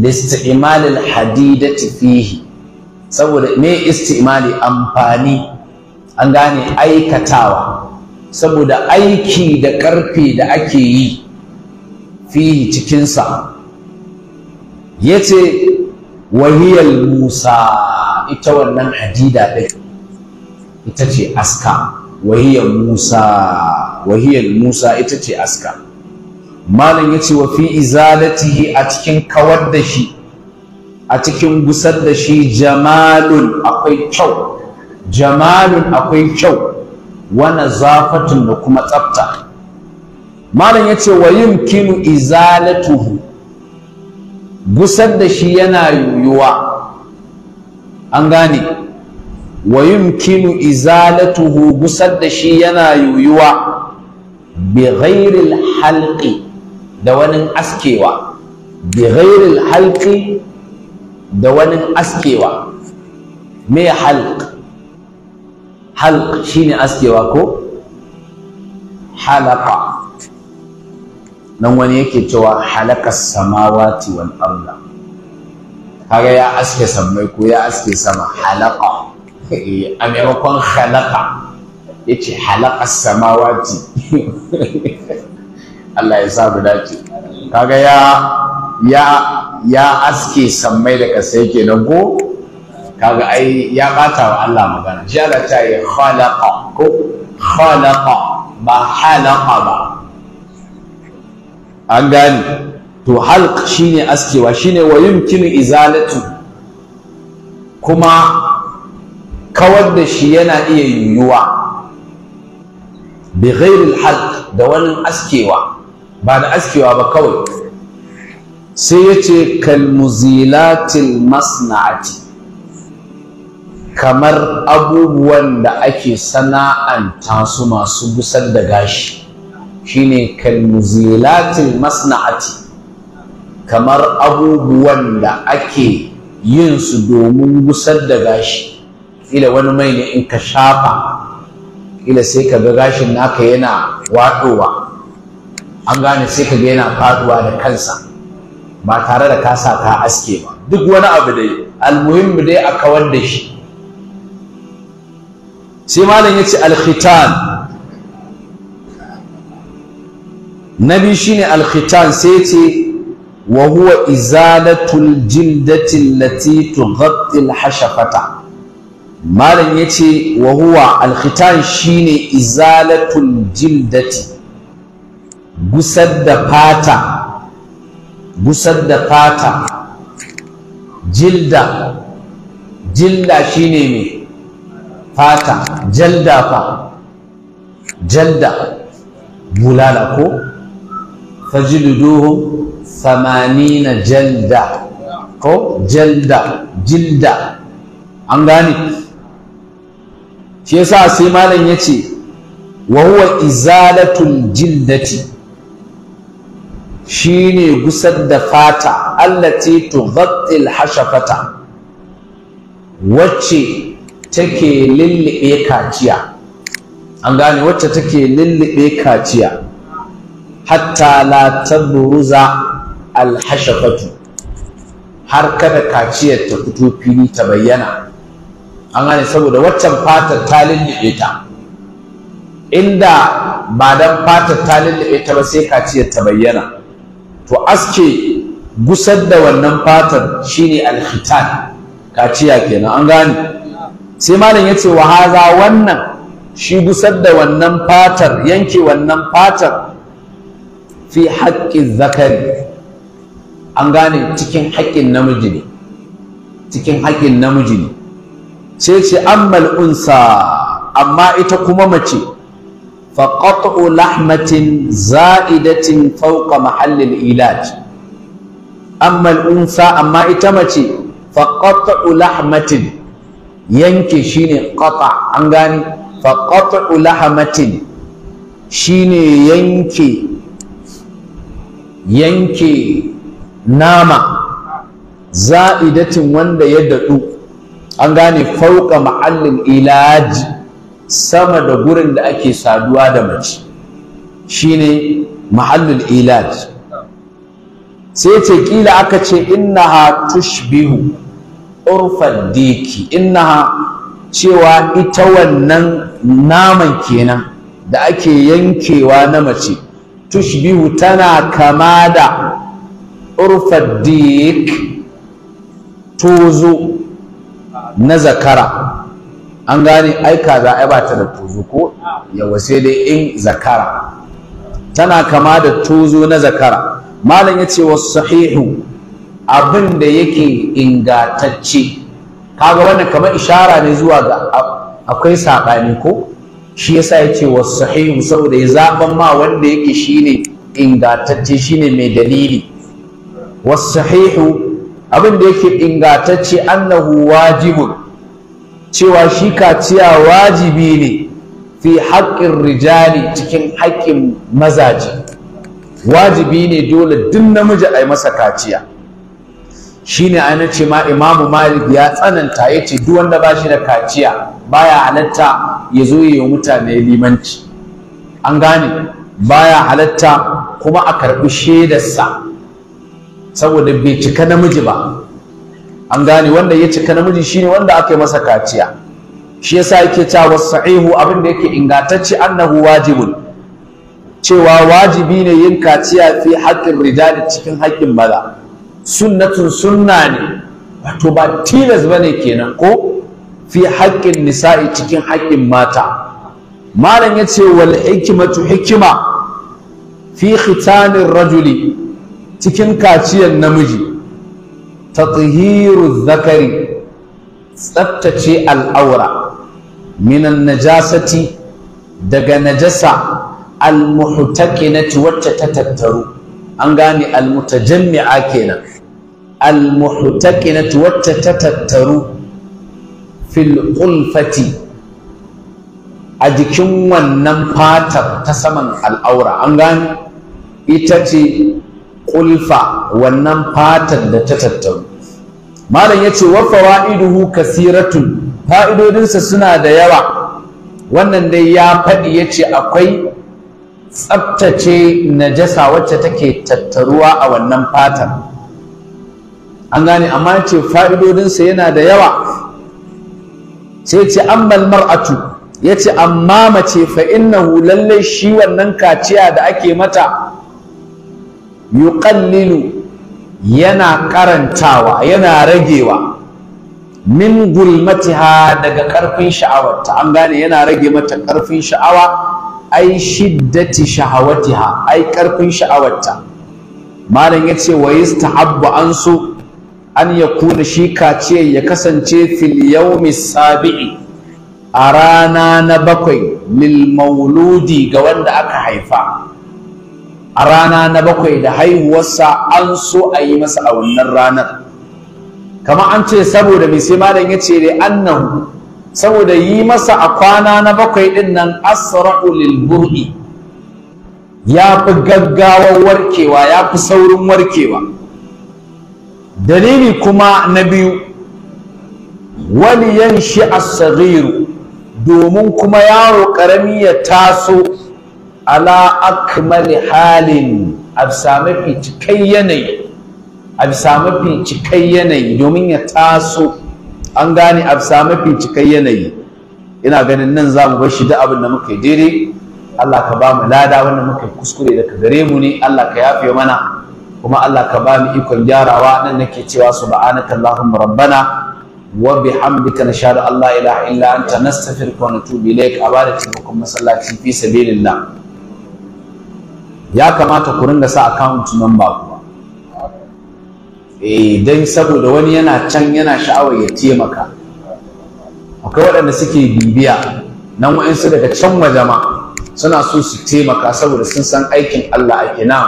listi'imalil hadidati fihi saboda me istimali amfani an gane aikatawa saboda aiki da ƙarfe da ake yi fiye cikinsa ya ce wahiyar musa ita wannan hadida ɗin ita ce aska wahiyar musa wahiyar musa ita ce aska malam ya ce wa fi izalatihi a cikin kawar da shi a cikin gusar da shi jamalun akwai kyau jamalun akwai kyau wani zafatun da kuma tsafta malam ya ce wa yin yumkinu izalatuhu gusar da shi yana yiwuwa an gane wa yin yumkinu izalatuhu gusar da shi yana yiwuwa bi ghairil halqi da wani askewa bi ghairil halqi da wani askewa me halq halq shine askewa ko halaqa nan wani yake cewa halaka samawati wal arda kaga ya aske sammai ko ya aske sama halaka eh, a maimakon halaka ya ce halaka samawati (laughs) Allah ya sa dace kaga ya ya ya aske sammai da kasa yake nan ko kaga ai ya bata wa Allah magana shi ta yi khalaqa ko khalaqa ba halaqa ba an gani to halq shine askewa shine wa yumkinu izalatu kuma kawar da shi yana iya yiwuwa bi ghairi halq da wani askewa ba da askewa ba kawai sai yace kal muzilatil masna'ati kamar abubuwan da ake sana'anta su masu busar da gashi shine kalmuzilatin masna'ati kamar abubuwan da ake yin su domin busar da gashi ila wani mai ne in ka shafa ila sai ka ga gashin naka yana waɗowa an gane sai ka ga yana faɗuwa da kansa ba tare da kasa ta aske ba duk wani abu dai almuhimmi dai a kawar da shi sai malam ya ce alkhitan na biyu shine alkhitan sai ya ce wa huwa izalatul jildati allati tughatti alhashafata malam yace wa huwa alkhitan shine izalatul jildati gusar da fata gusar da fata jilda jilda shine me fata jalda fa jalda bulala ko fajliduhum na jalda ko jalda jilda an gane shi yasa sai malam yace wa huwa izalatul jildati shine gusar da fata allati tughattil hashafata wacce take lullube kaciya an gane wacce take lullube kaciya hatta la tabruza alhashafatu har kada kaciyar ta fito fili ta bayyana an gane saboda waccan fatar ta lullube ta inda ba dan fatar ta lullube ta ba sai kaciyar ta bayyana to aske gusar da wannan fatar shine alhitan kaciya kenan an gane sai malam ya ce wa haza wannan shi gusar da wannan fatar yanke wannan fatar fi haƙƙin zakari an gane cikin haƙƙin namiji ne cikin haƙƙin namiji ne sai ce ammal unsa amma ita kuma mace fa qat'u lahmatin za'idatin fawqa mahallil ilaj ammal unsa amma ita mace fa qat'u lahmatin yanke shine qata an gane fa qat'u lahamatin shine yanke yanke nama za'idatin wanda ya daɗu an gane fauka ma'allin ilaji sama da gurin da ake saduwa da mace shine ma'allin ilaji sai ce kila aka ce innaha tushbihu urfar diki innaha cewa ita wannan naman kenan da ake yankewa na mace tushbihu tana kama da urfar dik tozo na zakara an gane ai kaza ai ba da tozo ko yawa sai dai in zakara tana kama da tozo na zakara malam ya ce wasu sahihu abin da yake ingatacce kaga wannan kamar ishara ne zuwa ga akwai saɓani ko shi yasa ya ce wasu sahihu saboda ya zaɓan ma wanda yake shine ingatacce shine mai dalili wasu sahihu abin da yake ingatacce annahu wajibun cewa shi kaciya wajibi ne fi haƙƙin rijali cikin haƙƙin mazaje wajibi ne dole duk namiji a yi masa kaciya shine ainihin ce ma imamu malik ya tsananta ya ce duk wanda ba shi da kaciya baya halatta ya zo yi wa mutane limanci an gane baya halatta kuma a karɓi shaidarsa saboda bai cika namiji ba an gane wanda ya cika namiji shine wanda aka yi masa kaciya shi yasa yake wasu sahihu abin da yake ingantacce annahu wajibun cewa wajibi ne yin kaciya fi haƙƙin rijali cikin haƙƙin maza sunnatun sunna ne wato ba tilas bane kenan ko fi haƙƙin nisa'i cikin haƙƙin mata malam ya ce wal hikimatu hikima fi khitanin rajuli cikin kaciyar namiji tathiru zakari tsaftace al'aura minan najasati daga najasa almuhtaqinati wacce ta tattaru an gane jami'a kenan almuhtaƙinatu wacce ta tattaru fil ƙulfati a jikin wannan fatar ta saman al'aura an gano ita ce ƙulfa wannan fatar da ta tattaru malam ya ce "Wafa wa'iduhu, kasiratun fa'idodinsa suna da yawa wannan dai ya faɗi ya ce akwai tsabtace najasa wacce take tattaruwa a wannan fatar an gane amma ce fa'idodinsa yana da yawa sai ce Atu mar'atu ya ce amma mace fainna na hulalle shi wannan kaciya da ake mata yuqallilu yana karantawa yana ragewa min gulmatiha daga karfin sha'awarta an gane yana rage mata ƙarfin sha'awa ai shiddati shahawatiha ai karfin sha'awarta malam yace wa yastahabbu an so? an ya kuna shi kace ya kasance fil yawmi sabi'i a rana na bakwai lil mauludi ga wanda aka haifa a rana na bakwai da haihuwarsa an so a yi masa a wannan ranar kamar an ce saboda mai sai malam ya ce dai annahu saboda yi masa a kwana na bakwai din nan asra'u lil bur'i ya fi gaggawar warkewa ya fi saurin warkewa dalili kuma na biyu waliyan shi as sariru domin kuma yaro karami ya taso ala akmali halin a bisa mafi cikai yanayi a bisa mafi cikai yanayi domin ya taso an gane a bisa mafi cikai yanayi ina ganin nan za mu bar shi da abin da muka yi daidai Allah ka ba mu lada wanda muka kuskure daga gare mu ne Allah ka yafe mana kuma Allah ka bani ikon gyarawa nan nake cewa subhanaka allahumma rabbana wa bihamdika nashhadu an la ilaha illa anta nastaghfiruka wa natubu ilayk a bada taimakon masallaci fi sabilillah ya kamata ku ringa sa account number kuma eh dan saboda wani yana can yana sha'awar ya taimaka akwai waɗanda suke bibiya nan wa'insu daga can waje suna so su taimaka saboda sun san aikin Allah a nan.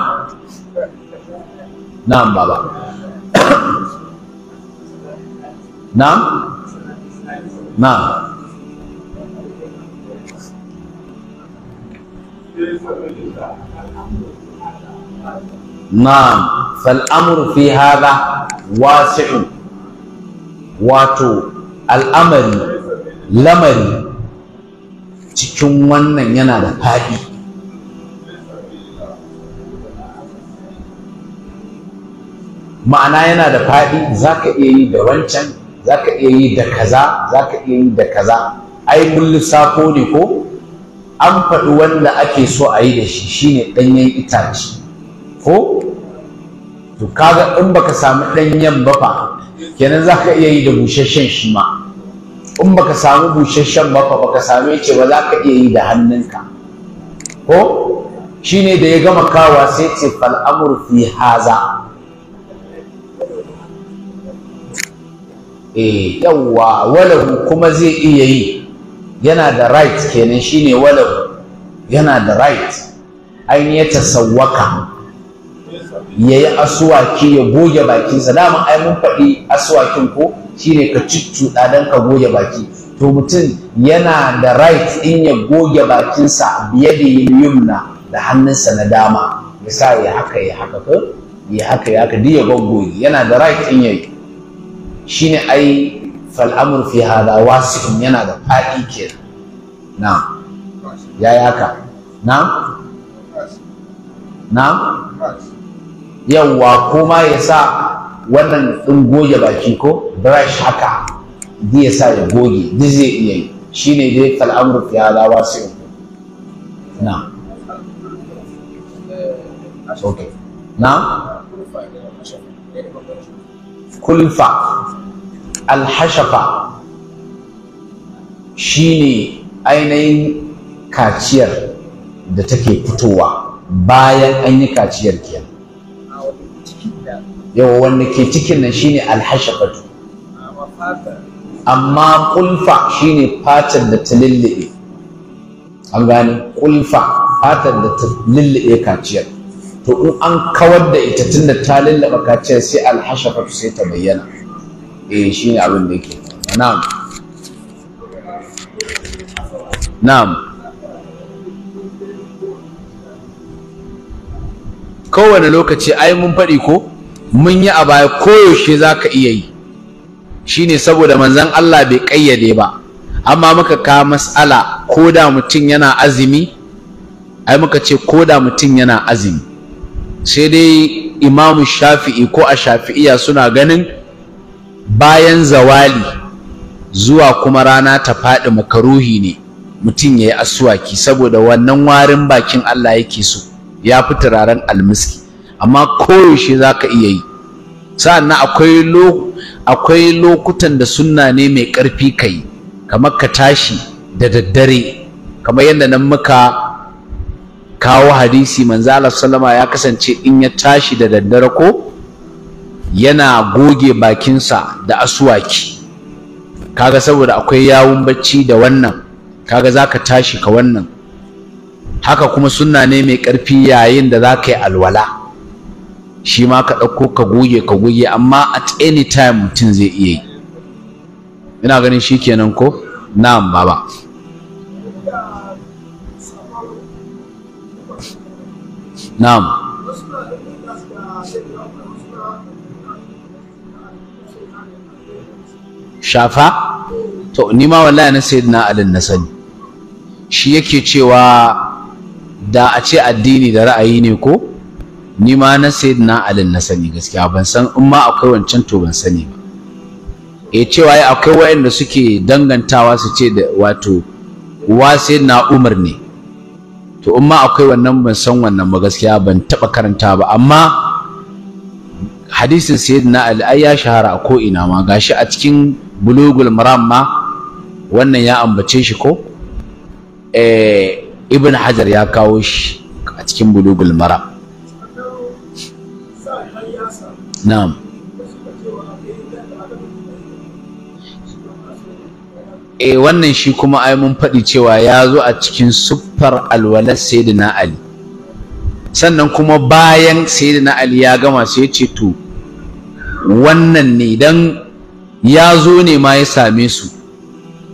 na'am baba na'am na'am na'am فالأمر في هذا واسع cikin wannan yana da faɗi ma'ana yana da faɗi za ka iya yi da wancan za ka iya yi da kaza za ka iya yi da kaza ai mun lissafo ne ko an faɗi wanda ake so a yi da shi shine ɗanyen itace ko to kaga in baka samu ɗanyen ba fa kenan za ka iya yi da busasshen shi ma in baka samu busasshen ba fa baka samu ce ba za ka iya yi da hannunka ko shine da ya gama kawa sai ce fal amru fi haza eh yawwa walahu kuma zai iya yi yana da right kenan shine walahu yana da right aini ya tasawwaka ya yi asuwaki ya goge bakinsa dama ai mun faɗi asuwakin ko shine ka cuccuɗa don ka goge baki to mutum yana da right in ya goge bakinsa biye da yumna da hannunsa na dama ya sa ya haka ya haka ya haka ya haka duk ya goggoge yana da right in ya yi shine ai fal'amur fi hada wasi'un yana da fadi ke na ya yi haka na na yawwa kuma ya sa wannan ɗin goge baki ko brush haka zai ya sa ya goge duk zai iya yi Shi ne dai fal'amur fi hada wasi'un na okay na kulfa alhashafa shine ainihin kaciyar da take fitowa bayan an yi kaciyar yawa wanda ke cikin nan shine alhashafatu amma kulfa shine fatar da ta lullube an gane kulfa fatar da ta lullube kaciyar to in an kawar da ita tun da ta lallaba kaciyar sai alhashafatu sai ta bayyana eh shi ne abin da yake na'am na'am kowane lokaci ai mun faɗi ko mun yi a baya koyaushe za ka iya yi shine saboda manzon Allah bai ƙayyade ba amma muka ka mas'ala ko da mutum yana azumi ai muka ce ko da mutum yana azumi sai dai imamu shafi'i ko a shafi'iya suna ganin bayan zawali zuwa kuma rana ta faɗi makaruhi ne mutum ya yi asuwaki saboda wannan warin bakin Allah yake so ya fi turaren almiski amma koyaushe za ka iya yi sa'an akwai lokutan da sunna ne mai ƙarfi ka yi kamar ka tashi da daddare kamar yadda nan muka kawo hadisi manzala sallama ya kasance in ya tashi da daddare ko yana goge bakinsa da asuwaki kaga saboda akwai yawun bacci da wannan kaga zaka tashi ka wannan haka kuma sunna ne mai ƙarfi yayin da zaka yi alwala shi ma ka ɗauko ka goge ka goge amma at any time mutum zai iya yi ina ganin shi kenan ko na'am baba na'am shafa to ni ma wallahi na sayyidina ali na sani shi yake cewa da a ce addini da ra'ayi ne ko ni ma na sayyidina ali na sani gaskiya ban san in ma akwai wancan to ban sani ba e cewa akwai waɗanda suke dangantawa su ce da wato wa sayyidina umar ne to in ma akwai wannan ban san wannan ba gaskiya ban taɓa karanta ba amma hadisin sayyidina ali ai ya shahara a ko ina ma gashi a cikin bulugul maram ma wannan ya ambace shi ko eh ibn hajar ya kawo shi a cikin bulugul maram na'am e wannan shi kuma ai mun faɗi cewa ya zo a cikin siffar alwalar sayyidina ali sannan kuma bayan sayyidina ali ya gama sai ya ce to wannan ne dan ya zo ne ma ya same su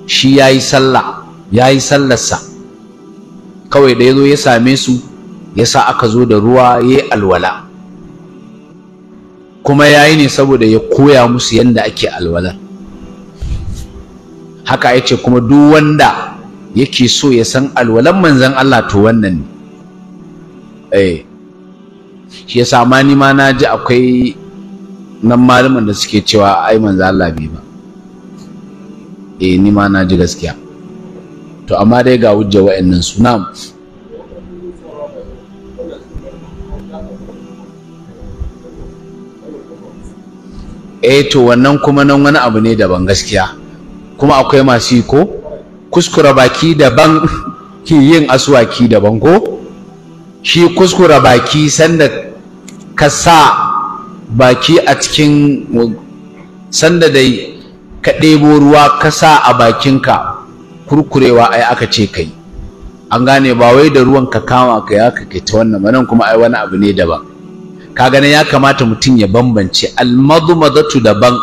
shi ya yi sallah ya yi sallarsa kawai da ya zo ya same su ya sa aka zo da ruwa ya yi alwala kuma ya yi ne saboda ya koya musu yadda ake alwalar haka yace kuma duk wanda yake so ya san alwalan manzon Allah to wannan ne eh shi yasa ma ni ma na ji akwai nan malaman da suke cewa ai manzon Allah bai ba eh ni ma na ji gaskiya to amma dai ga wujje wa'annan su na'am eh to wannan kuma nan wani abu ne daban gaskiya kuma akwai masu yi ko kuskura baki daban (laughs) ke yin asuwaki daban ko shi kuskura baki sanda ka sa baki a cikin sanda dai ka ɗebo ruwa ka sa a bakinka kurkurewa ai aka ce kai an gane ba wai da ruwan ka kama ka ya ka ta wannan manan kuma ai wani abu ne daban ka gane ya kamata mutum ya bambance Almadu almadmadatu daban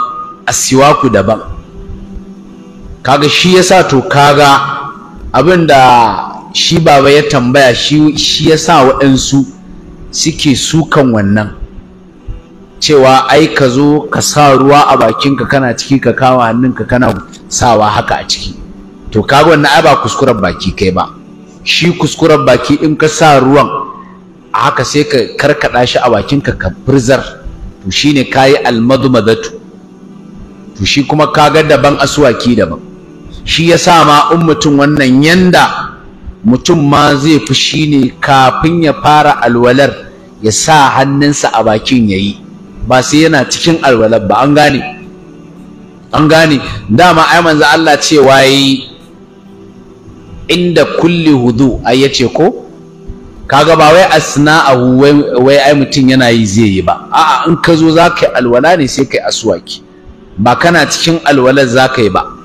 asiwaku daban kaga shi yasa to kaga abin da shi baba ya tambaya shi shi yasa waɗansu suke sukan wannan cewa ai ka zo ka sa ruwa a bakinka kana ciki ka kawo hannunka kana sawa haka a ciki to kaga wannan ai ba kuskuren baki kai ba shi kuskuren baki in ka sa ruwan haka sai ka karkada shi a bakinka ka firzar. to shine kayi almadumadatu to shi kuma kaga daban asuwaki daban shi ya sa ma in mutum wannan yanda mutum ma zai fi shi ne kafin ya fara alwalar ya sa hannunsa a bakin ya yi ba sai yana cikin alwalar ba an gane an gane dama ai manzo Allah cewa yi inda kulli hudu ai ce ko kaga ba wai asna'ahu wai ai mutum yana yi zai yi ba a'a in ka zo za ka yi alwala ne sai ka yi aswaki ba kana cikin alwalar za ka yi ba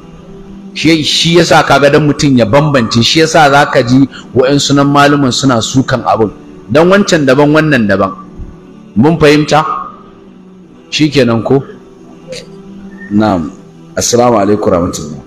shi yasa kaga dan mutum ya bambance shi yasa zaka ji wa'in sunan malumin suna sukan abin dan wancan daban wannan daban mun fahimta shikenan ko na'am assalamu alaikum warahmatullahi